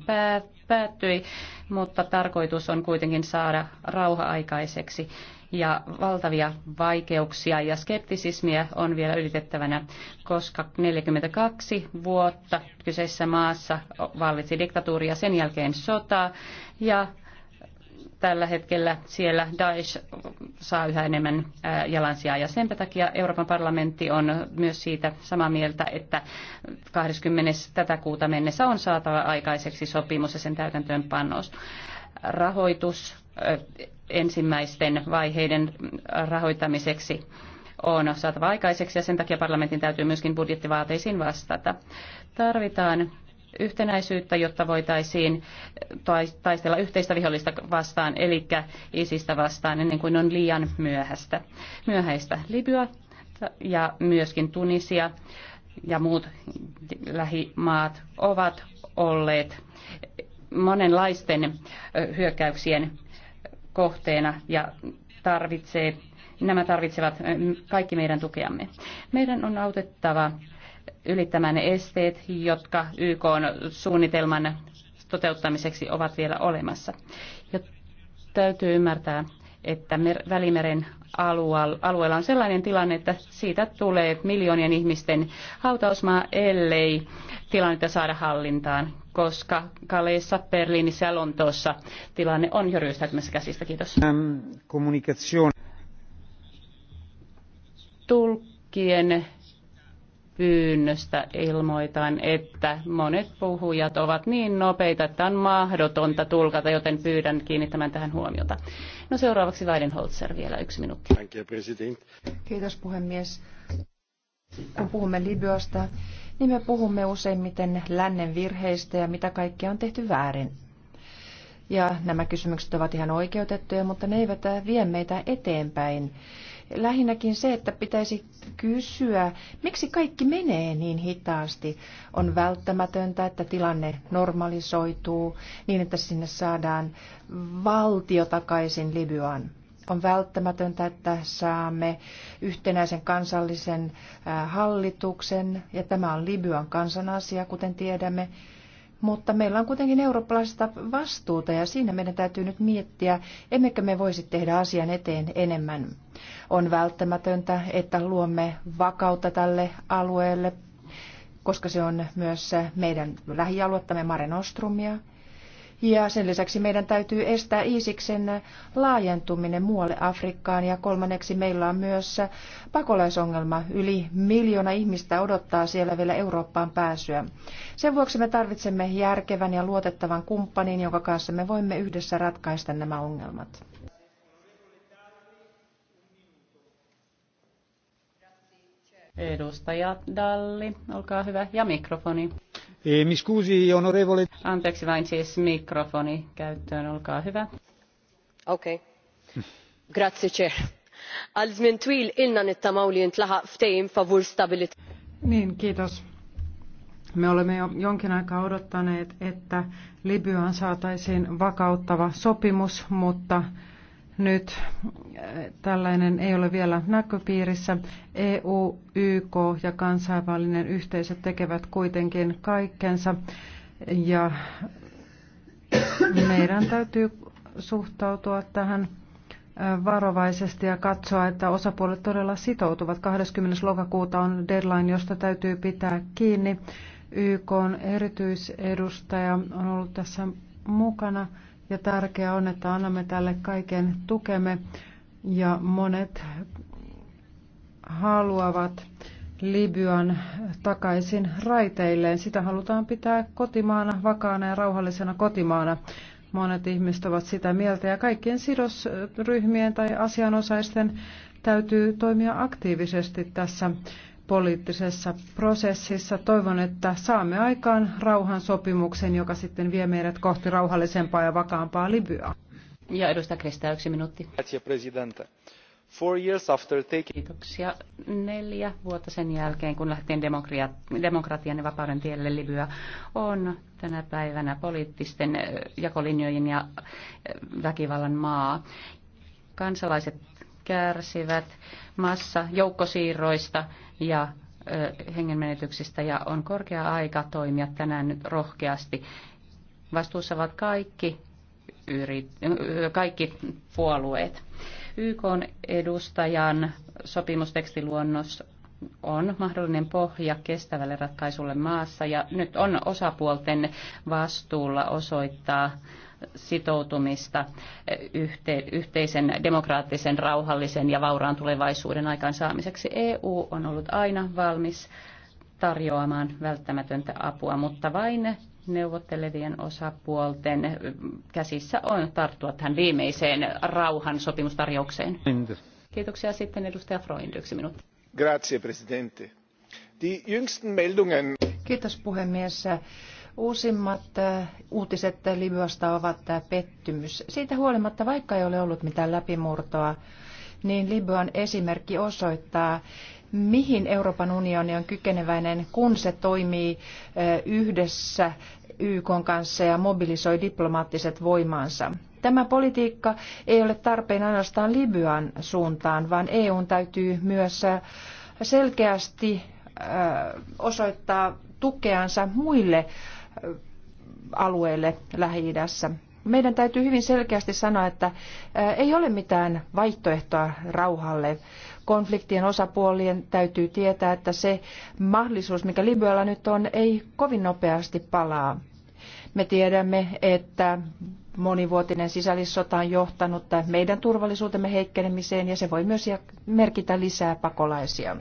päättyi, mutta tarkoitus on kuitenkin saada rauha aikaiseksi ja valtavia vaikeuksia ja skeptisismiä on vielä ylitettävänä, koska 42 vuotta kyseisessä maassa vallitsi diktatuuri ja sen jälkeen sota ja tällä hetkellä siellä Daesh saa yhä enemmän jalansijaa ja sen takia Euroopan parlamentti on myös siitä samaa mieltä, että 20. tätä kuuta mennessä on saatava aikaiseksi sopimus ja sen täytäntöönpannos. Rahoitus ensimmäisten vaiheiden rahoittamiseksi on saatava aikaiseksi ja sen takia parlamentin täytyy myöskin budjettivaateisiin vastata. Tarvitaan yhtenäisyyttä, jotta voitaisiin taistella yhteistä vihollista vastaan, eli ISIStä vastaan, ennen kuin on liian myöhäistä. myöhäistä. Libya ja myöskin Tunisia ja muut lähimaat ovat olleet monenlaisten hyökkäyksien kohteena ja tarvitsee, nämä tarvitsevat kaikki meidän tukeamme. Meidän on autettava ylittämään ne esteet, jotka YK on suunnitelman toteuttamiseksi ovat vielä olemassa. Ja täytyy ymmärtää, että Välimeren alueella on sellainen tilanne, että siitä tulee miljoonien ihmisten hautausmaa, ellei tilannetta saada hallintaan koska Kaleissa, Berliinissä ja Lontoossa tilanne on jo ryöstäytymässä käsistä. Kiitos. Tulkkien pyynnöstä ilmoitan, että monet puhujat ovat niin nopeita, että on mahdotonta tulkata, joten pyydän kiinnittämään tähän huomiota. No seuraavaksi Weidenholzer vielä yksi minuutti. Kiitos puhemies. Kun puhumme Libyasta, niin me puhumme useimmiten lännen virheistä ja mitä kaikkea on tehty väärin. Ja nämä kysymykset ovat ihan oikeutettuja, mutta ne eivät vie meitä eteenpäin. Lähinnäkin se, että pitäisi kysyä, miksi kaikki menee niin hitaasti. On välttämätöntä, että tilanne normalisoituu niin, että sinne saadaan valtio takaisin Libyaan on välttämätöntä, että saamme yhtenäisen kansallisen hallituksen, ja tämä on Libyan kansan asia, kuten tiedämme. Mutta meillä on kuitenkin eurooppalaista vastuuta ja siinä meidän täytyy nyt miettiä, emmekö me voisi tehdä asian eteen enemmän. On välttämätöntä, että luomme vakautta tälle alueelle, koska se on myös meidän lähialuettamme Mare Nostrumia, ja sen lisäksi meidän täytyy estää Iisiksen laajentuminen muualle Afrikkaan. Ja kolmanneksi meillä on myös pakolaisongelma. Yli miljoona ihmistä odottaa siellä vielä Eurooppaan pääsyä. Sen vuoksi me tarvitsemme järkevän ja luotettavan kumppanin, jonka kanssa me voimme yhdessä ratkaista nämä ongelmat. Edustaja Dalli, olkaa hyvä, ja mikrofoni. E, mi scusi, onorevole. Anteeksi vain siis mikrofoni käyttöön, olkaa hyvä. Okei. Okay. Grazie, chair. Alzmin twil innan, nittamaw li laha ftehim favur stability. Niin, kiitos. Me olemme jo jonkin aikaa odottaneet, että Libyaan saataisiin vakauttava sopimus, mutta nyt äh, tällainen ei ole vielä näköpiirissä. EU, YK ja kansainvälinen yhteisö tekevät kuitenkin kaikkensa ja meidän täytyy suhtautua tähän äh, varovaisesti ja katsoa, että osapuolet todella sitoutuvat. 20. lokakuuta on deadline, josta täytyy pitää kiinni. YK on erityisedustaja on ollut tässä mukana ja tärkeää on, että annamme tälle kaiken tukemme ja monet haluavat Libyan takaisin raiteilleen. Sitä halutaan pitää kotimaana, vakaana ja rauhallisena kotimaana. Monet ihmiset ovat sitä mieltä ja kaikkien sidosryhmien tai asianosaisten täytyy toimia aktiivisesti tässä poliittisessa prosessissa. Toivon, että saamme aikaan rauhan sopimuksen, joka sitten vie meidät kohti rauhallisempaa ja vakaampaa Libyaa. Ja edustaja Kristää, yksi minuutti. Kiitoksia. Neljä vuotta sen jälkeen, kun lähtien demokratian ja vapauden tielle Libya on tänä päivänä poliittisten jakolinjojen ja väkivallan maa. Kansalaiset kärsivät massa joukkosiirroista ja hengenmenetyksistä ja on korkea aika toimia tänään nyt rohkeasti. Vastuussa ovat kaikki, yrit, kaikki puolueet. YK on edustajan sopimustekstiluonnos on mahdollinen pohja kestävälle ratkaisulle maassa ja nyt on osapuolten vastuulla osoittaa sitoutumista yhte, yhteisen demokraattisen, rauhallisen ja vauraan tulevaisuuden aikaansaamiseksi. EU on ollut aina valmis tarjoamaan välttämätöntä apua, mutta vain neuvottelevien osapuolten käsissä on tarttua tähän viimeiseen rauhan sopimustarjoukseen. Kiitoksia sitten edustaja Freund, yksi minuutti. Grazie, presidente. Die jüngsten Meldungen. Kiitos puhemies. Uusimmat uutiset Libyasta ovat pettymys. Siitä huolimatta, vaikka ei ole ollut mitään läpimurtoa, niin Libyan esimerkki osoittaa, mihin Euroopan unioni on kykeneväinen, kun se toimii yhdessä YK kanssa ja mobilisoi diplomaattiset voimansa. Tämä politiikka ei ole tarpeen ainoastaan Libyan suuntaan, vaan EUn täytyy myös selkeästi osoittaa tukeansa muille alueelle Lähi-idässä. Meidän täytyy hyvin selkeästi sanoa, että ei ole mitään vaihtoehtoa rauhalle. Konfliktien osapuolien täytyy tietää, että se mahdollisuus, mikä Libyalla nyt on, ei kovin nopeasti palaa. Me tiedämme, että monivuotinen sisällissota on johtanut meidän turvallisuutemme heikkenemiseen ja se voi myös merkitä lisää pakolaisia.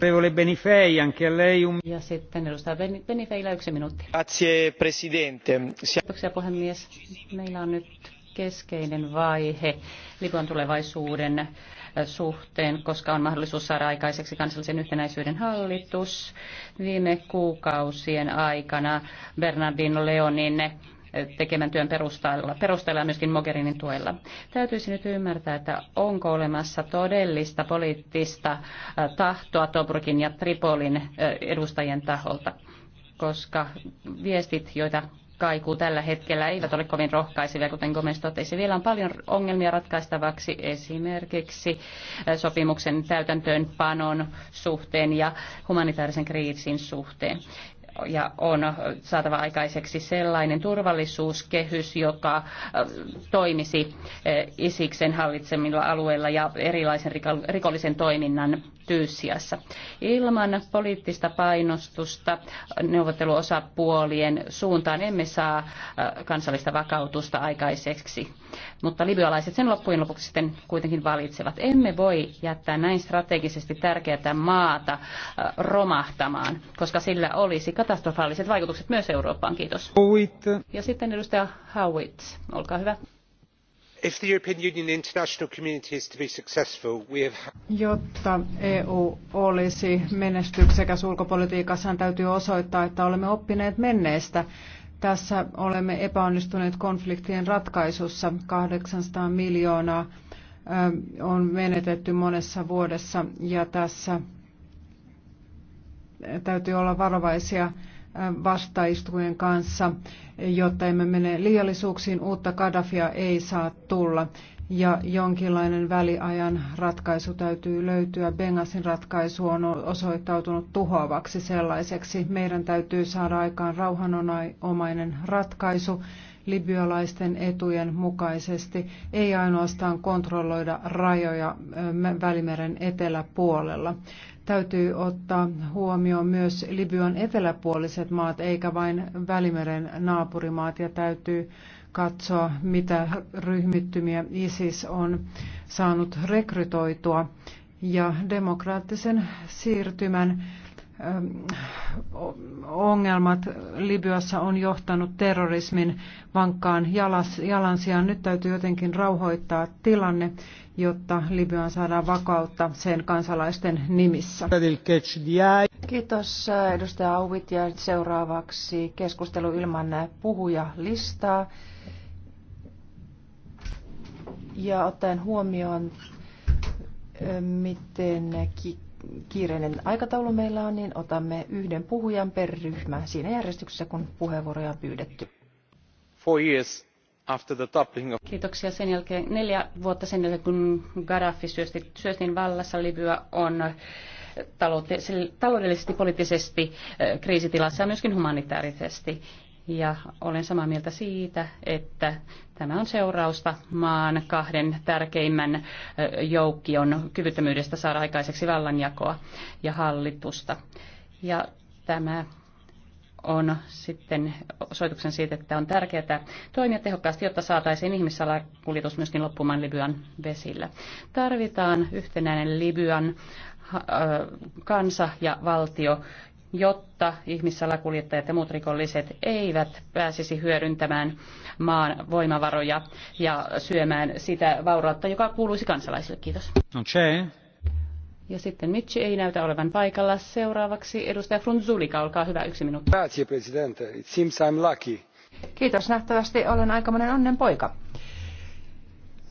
Ja sitten edustaa Benifeillä yksi minuutti. Kiitoksia puhemies. Meillä on nyt keskeinen vaihe Libyan tulevaisuuden äh, suhteen, koska on mahdollisuus saada aikaiseksi kansallisen yhtenäisyyden hallitus. Viime kuukausien aikana Bernardino Leonin tekemän työn perusteella, perusteella ja myöskin Mogherinin tuella. Täytyisi nyt ymmärtää, että onko olemassa todellista poliittista tahtoa Tobrukin ja Tripolin edustajien taholta, koska viestit, joita kaikuu tällä hetkellä eivät ole kovin rohkaisevia, kuten Gomez totesi. Vielä on paljon ongelmia ratkaistavaksi esimerkiksi sopimuksen täytäntöönpanon suhteen ja humanitaarisen kriisin suhteen ja on saatava aikaiseksi sellainen turvallisuuskehys, joka äh, toimisi äh, Isiksen hallitsemilla alueilla ja erilaisen rikollisen toiminnan Tyyssiassa. Ilman poliittista painostusta neuvotteluosapuolien suuntaan emme saa äh, kansallista vakautusta aikaiseksi, mutta libyalaiset sen loppujen lopuksi sitten kuitenkin valitsevat. Emme voi jättää näin strategisesti tärkeätä maata äh, romahtamaan, koska sillä olisi katastrofaaliset vaikutukset myös Eurooppaan. Kiitos. Ja sitten edustaja Howitz, olkaa hyvä. Jotta EU olisi menestyksekäs ulkopolitiikassaan, täytyy osoittaa, että olemme oppineet menneestä. Tässä olemme epäonnistuneet konfliktien ratkaisussa. 800 miljoonaa on menetetty monessa vuodessa ja tässä täytyy olla varovaisia vastaistujen kanssa, jotta emme mene liiallisuuksiin. Uutta Gaddafia ei saa tulla ja jonkinlainen väliajan ratkaisu täytyy löytyä. Bengasin ratkaisu on osoittautunut tuhoavaksi sellaiseksi. Meidän täytyy saada aikaan rauhanomainen ratkaisu libyalaisten etujen mukaisesti, ei ainoastaan kontrolloida rajoja Välimeren eteläpuolella. Täytyy ottaa huomioon myös Libyan eteläpuoliset maat, eikä vain Välimeren naapurimaat, ja täytyy katsoa, mitä ryhmittymiä ISIS on saanut rekrytoitua. Ja demokraattisen siirtymän ähm, ongelmat Libyassa on johtanut terrorismin vankkaan jalansijaan. Nyt täytyy jotenkin rauhoittaa tilanne jotta Libyaan saadaan vakautta sen kansalaisten nimissä. Kiitos edustaja Auvit ja seuraavaksi keskustelu ilman listaa. Ja ottaen huomioon, miten kiireinen aikataulu meillä on, niin otamme yhden puhujan per ryhmä siinä järjestyksessä, kun puheenvuoroja on pyydetty. Four years Kiitoksia sen jälkeen. Neljä vuotta sen jälkeen, kun Gaddafi syösti, syöstiin vallassa, Libya on äh, taloudellisesti, poliittisesti äh, kriisitilassa ja myöskin humanitaarisesti. Ja olen samaa mieltä siitä, että tämä on seurausta maan kahden tärkeimmän äh, joukkion kyvyttömyydestä saada aikaiseksi vallanjakoa ja hallitusta. Ja tämä on sitten osoituksen siitä, että on tärkeää toimia tehokkaasti, jotta saataisiin ihmissalakuljetus myöskin loppumaan Libyan vesillä. Tarvitaan yhtenäinen Libyan kansa ja valtio, jotta ihmissalakuljettajat ja muut rikolliset eivät pääsisi hyödyntämään maan voimavaroja ja syömään sitä vaurautta, joka kuuluisi kansalaisille. Kiitos. No, ja sitten Mitch ei näytä olevan paikalla. Seuraavaksi edustaja Frunzulika, olkaa hyvä, yksi minuutti. Grazie, presidente. It seems I'm lucky. Kiitos, nähtävästi olen aikamoinen onnenpoika.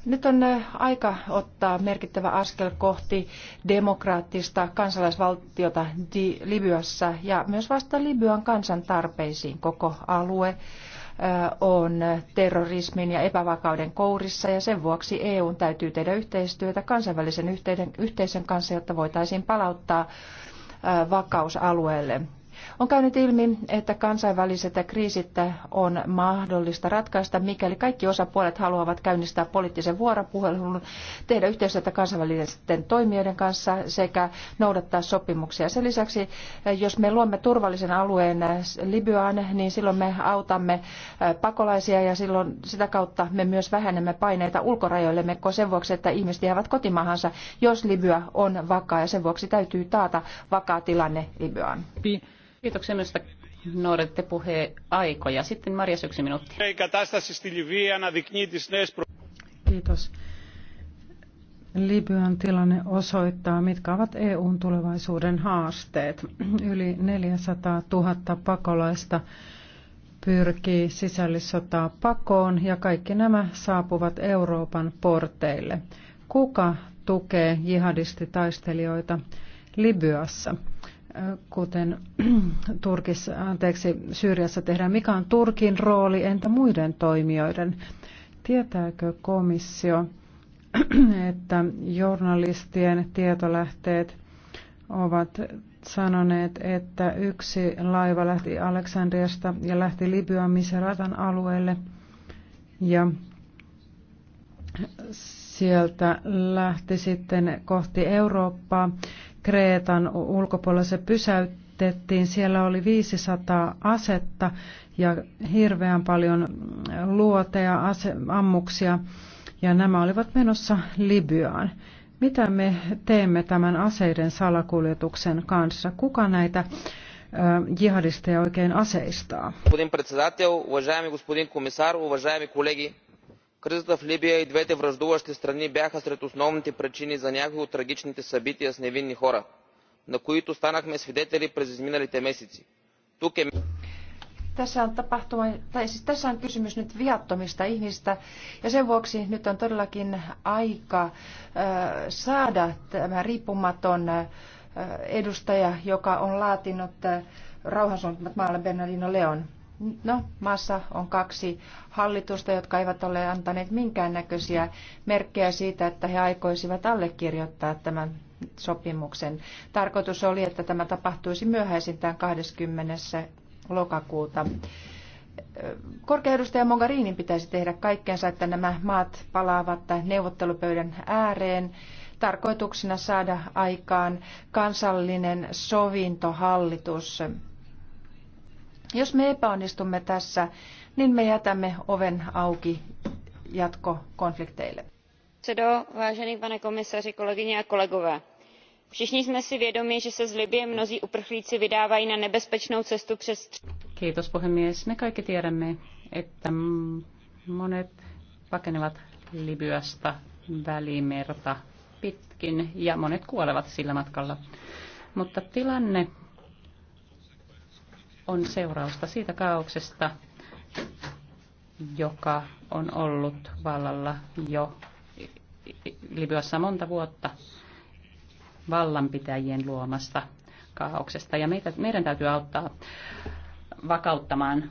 Nyt on eh, aika ottaa merkittävä askel kohti demokraattista kansalaisvaltiota Libyassa ja myös vasta Libyan kansan tarpeisiin koko alue on terrorismin ja epävakauden kourissa ja sen vuoksi EUn täytyy tehdä yhteistyötä kansainvälisen yhteisön kanssa, jotta voitaisiin palauttaa vakaus alueelle. On käynyt ilmi, että kansainväliset kriisit on mahdollista ratkaista, mikäli kaikki osapuolet haluavat käynnistää poliittisen vuoropuhelun, tehdä yhteistyötä kansainvälisten toimijoiden kanssa sekä noudattaa sopimuksia. Sen lisäksi, jos me luomme turvallisen alueen Libyaan, niin silloin me autamme pakolaisia ja silloin sitä kautta me myös vähennämme paineita ulkorajoillemme sen vuoksi, että ihmiset jäävät kotimaahansa, jos Libya on vakaa ja sen vuoksi täytyy taata vakaa tilanne Libyaan. Kiitoksia myös, että puheen aikoja. Sitten Maria yksi minuutti. Kiitos. Libyan tilanne osoittaa, mitkä ovat EUn tulevaisuuden haasteet. Yli 400 000 pakolaista pyrkii sisällissotaa pakoon ja kaikki nämä saapuvat Euroopan porteille. Kuka tukee jihadistitaistelijoita Libyassa? kuten *clears throat* Turkissa, anteeksi, Syyriassa tehdään. Mikä on Turkin rooli, entä muiden toimijoiden? Tietääkö komissio, *clears throat* että journalistien tietolähteet ovat sanoneet, että yksi laiva lähti Aleksandriasta ja lähti Libyan Miseratan alueelle ja sieltä lähti sitten kohti Eurooppaa Kreetan ulkopuolella se pysäytettiin. Siellä oli 500 asetta ja hirveän paljon luoteja, ase, ammuksia ja nämä olivat menossa Libyaan. Mitä me teemme tämän aseiden salakuljetuksen kanssa? Kuka näitä jihadisteja oikein aseistaa? Господин председател, уважаеми господин комисар, уважаеми колеги, Кризата в Либия и двете враждуващи страни бяха сред основните причини за някои от трагичните събития с невинни хора, на които станахме свидетели през изминалите месеци. Тук е... Tässä on, tapahtuma, tai siis tässä on kysymys nyt viattomista ihmistä ja sen vuoksi nyt on todellakin aika äh, saada tämä riippumaton äh, edustaja, joka on laatinut äh, rauhansuunnitelmat maalle Bernardino Leon. No, maassa on kaksi hallitusta, jotka eivät ole antaneet minkäännäköisiä merkkejä siitä, että he aikoisivat allekirjoittaa tämän sopimuksen. Tarkoitus oli, että tämä tapahtuisi myöhäisintään 20. lokakuuta. Korkea edustaja Mogherinin pitäisi tehdä kaikkensa, että nämä maat palaavat neuvottelupöydän ääreen tarkoituksena saada aikaan kansallinen sovintohallitus jos me epäonnistumme tässä, niin me jätämme oven auki jatkokonflikteille. Sedo, vážený pane komisaři, kolegyně a kolegové. Všichni jsme si vědomi, že se z Libie mnozí uprchlíci vydávají na nebezpečnou cestu přes... Kiitos puhemies. Me kaikki tiedämme, että monet pakenevat Libyasta välimerta pitkin ja monet kuolevat sillä matkalla. Mutta tilanne on seurausta siitä kaauksesta, joka on ollut vallalla jo Libyassa monta vuotta vallanpitäjien luomasta kaauksesta. Ja meitä, meidän täytyy auttaa vakauttamaan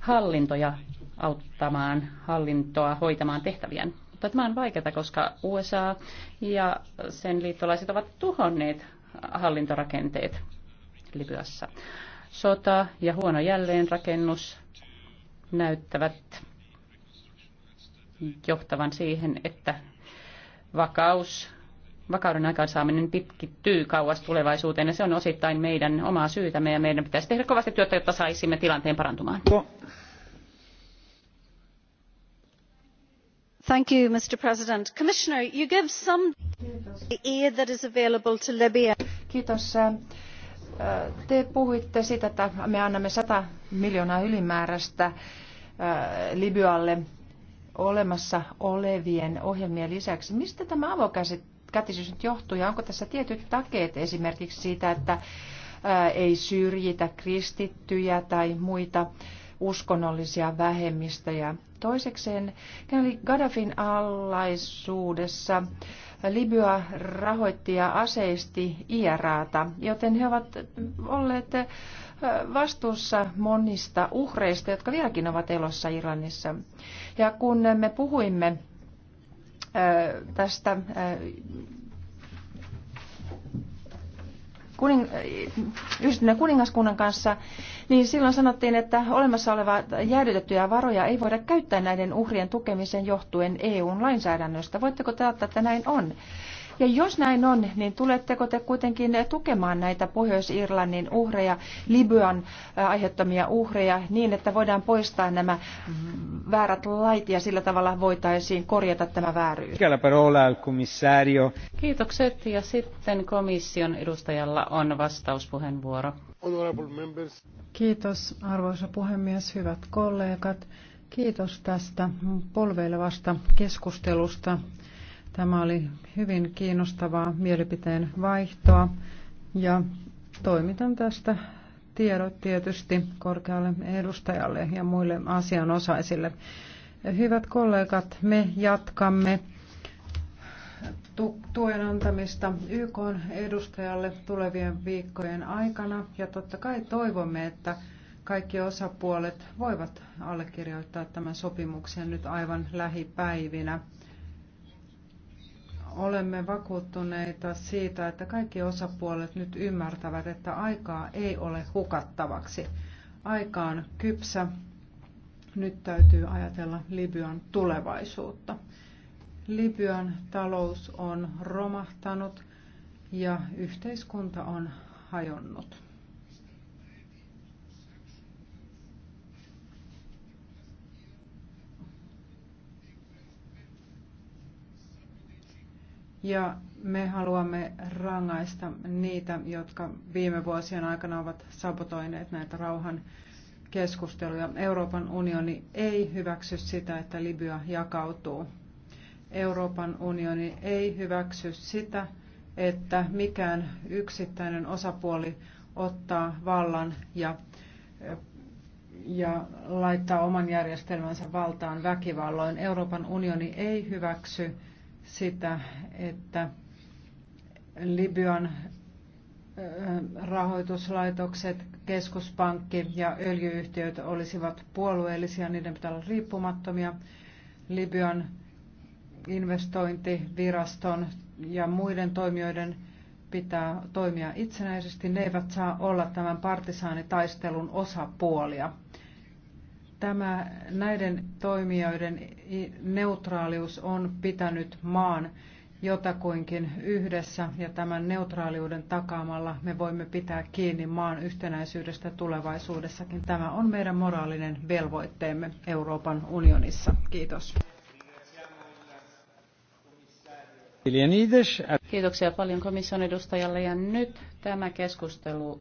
hallintoja, auttamaan hallintoa hoitamaan tehtävien, Mutta tämä on vaikeaa, koska USA ja sen liittolaiset ovat tuhonneet hallintorakenteet Libyassa. Sota ja huono jälleenrakennus näyttävät johtavan siihen, että vakaus, vakauden aikaansaaminen pitkittyy kauas tulevaisuuteen ja se on osittain meidän omaa syytämme ja meidän pitäisi tehdä kovasti työtä, jotta saisimme tilanteen parantumaan. Thank you, mr president commissioner you give some the aid that is available to libya. Kiitos. Te puhuitte siitä, että me annamme 100 miljoonaa ylimääräistä Libyalle olemassa olevien ohjelmien lisäksi. Mistä tämä avokätisyys nyt johtuu ja onko tässä tietyt takeet esimerkiksi siitä, että ei syrjitä kristittyjä tai muita uskonnollisia vähemmistöjä. Toisekseen Gaddafin allaisuudessa Libya rahoitti ja aseisti IRAta, joten he ovat olleet vastuussa monista uhreista, jotka vieläkin ovat elossa Irlannissa. Ja kun me puhuimme tästä kuning, yhdistyneen kuningaskunnan kanssa, niin silloin sanottiin, että olemassa olevaa jäädytettyjä varoja ei voida käyttää näiden uhrien tukemiseen johtuen eu lainsäädännöstä. Voitteko taata, että näin on? Ja jos näin on, niin tuletteko te kuitenkin tukemaan näitä Pohjois-Irlannin uhreja, Libyan aiheuttamia uhreja, niin että voidaan poistaa nämä väärät lait ja sillä tavalla voitaisiin korjata tämä vääryys? Kiitokset ja sitten komission edustajalla on vastauspuheenvuoro. Kiitos arvoisa puhemies, hyvät kollegat. Kiitos tästä polveilevasta keskustelusta. Tämä oli hyvin kiinnostavaa mielipiteen vaihtoa ja toimitan tästä tiedot tietysti korkealle edustajalle ja muille asianosaisille. Hyvät kollegat, me jatkamme tuen antamista YK edustajalle tulevien viikkojen aikana ja totta kai toivomme, että kaikki osapuolet voivat allekirjoittaa tämän sopimuksen nyt aivan lähipäivinä olemme vakuuttuneita siitä, että kaikki osapuolet nyt ymmärtävät, että aikaa ei ole hukattavaksi. Aika on kypsä. Nyt täytyy ajatella Libyan tulevaisuutta. Libyan talous on romahtanut ja yhteiskunta on hajonnut. ja me haluamme rangaista niitä, jotka viime vuosien aikana ovat sabotoineet näitä rauhan keskusteluja. Euroopan unioni ei hyväksy sitä, että Libya jakautuu. Euroopan unioni ei hyväksy sitä, että mikään yksittäinen osapuoli ottaa vallan ja, ja laittaa oman järjestelmänsä valtaan väkivalloin. Euroopan unioni ei hyväksy sitä, että Libyan rahoituslaitokset, keskuspankki ja öljyyhtiöt olisivat puolueellisia, niiden pitää olla riippumattomia. Libyan investointiviraston ja muiden toimijoiden pitää toimia itsenäisesti. Ne eivät saa olla tämän partisaanitaistelun osapuolia. Tämä näiden toimijoiden neutraalius on pitänyt maan jotakuinkin yhdessä ja tämän neutraaliuden takaamalla me voimme pitää kiinni maan yhtenäisyydestä tulevaisuudessakin. Tämä on meidän moraalinen velvoitteemme Euroopan unionissa. Kiitos. Kiitoksia paljon komission edustajalle ja nyt tämä keskustelu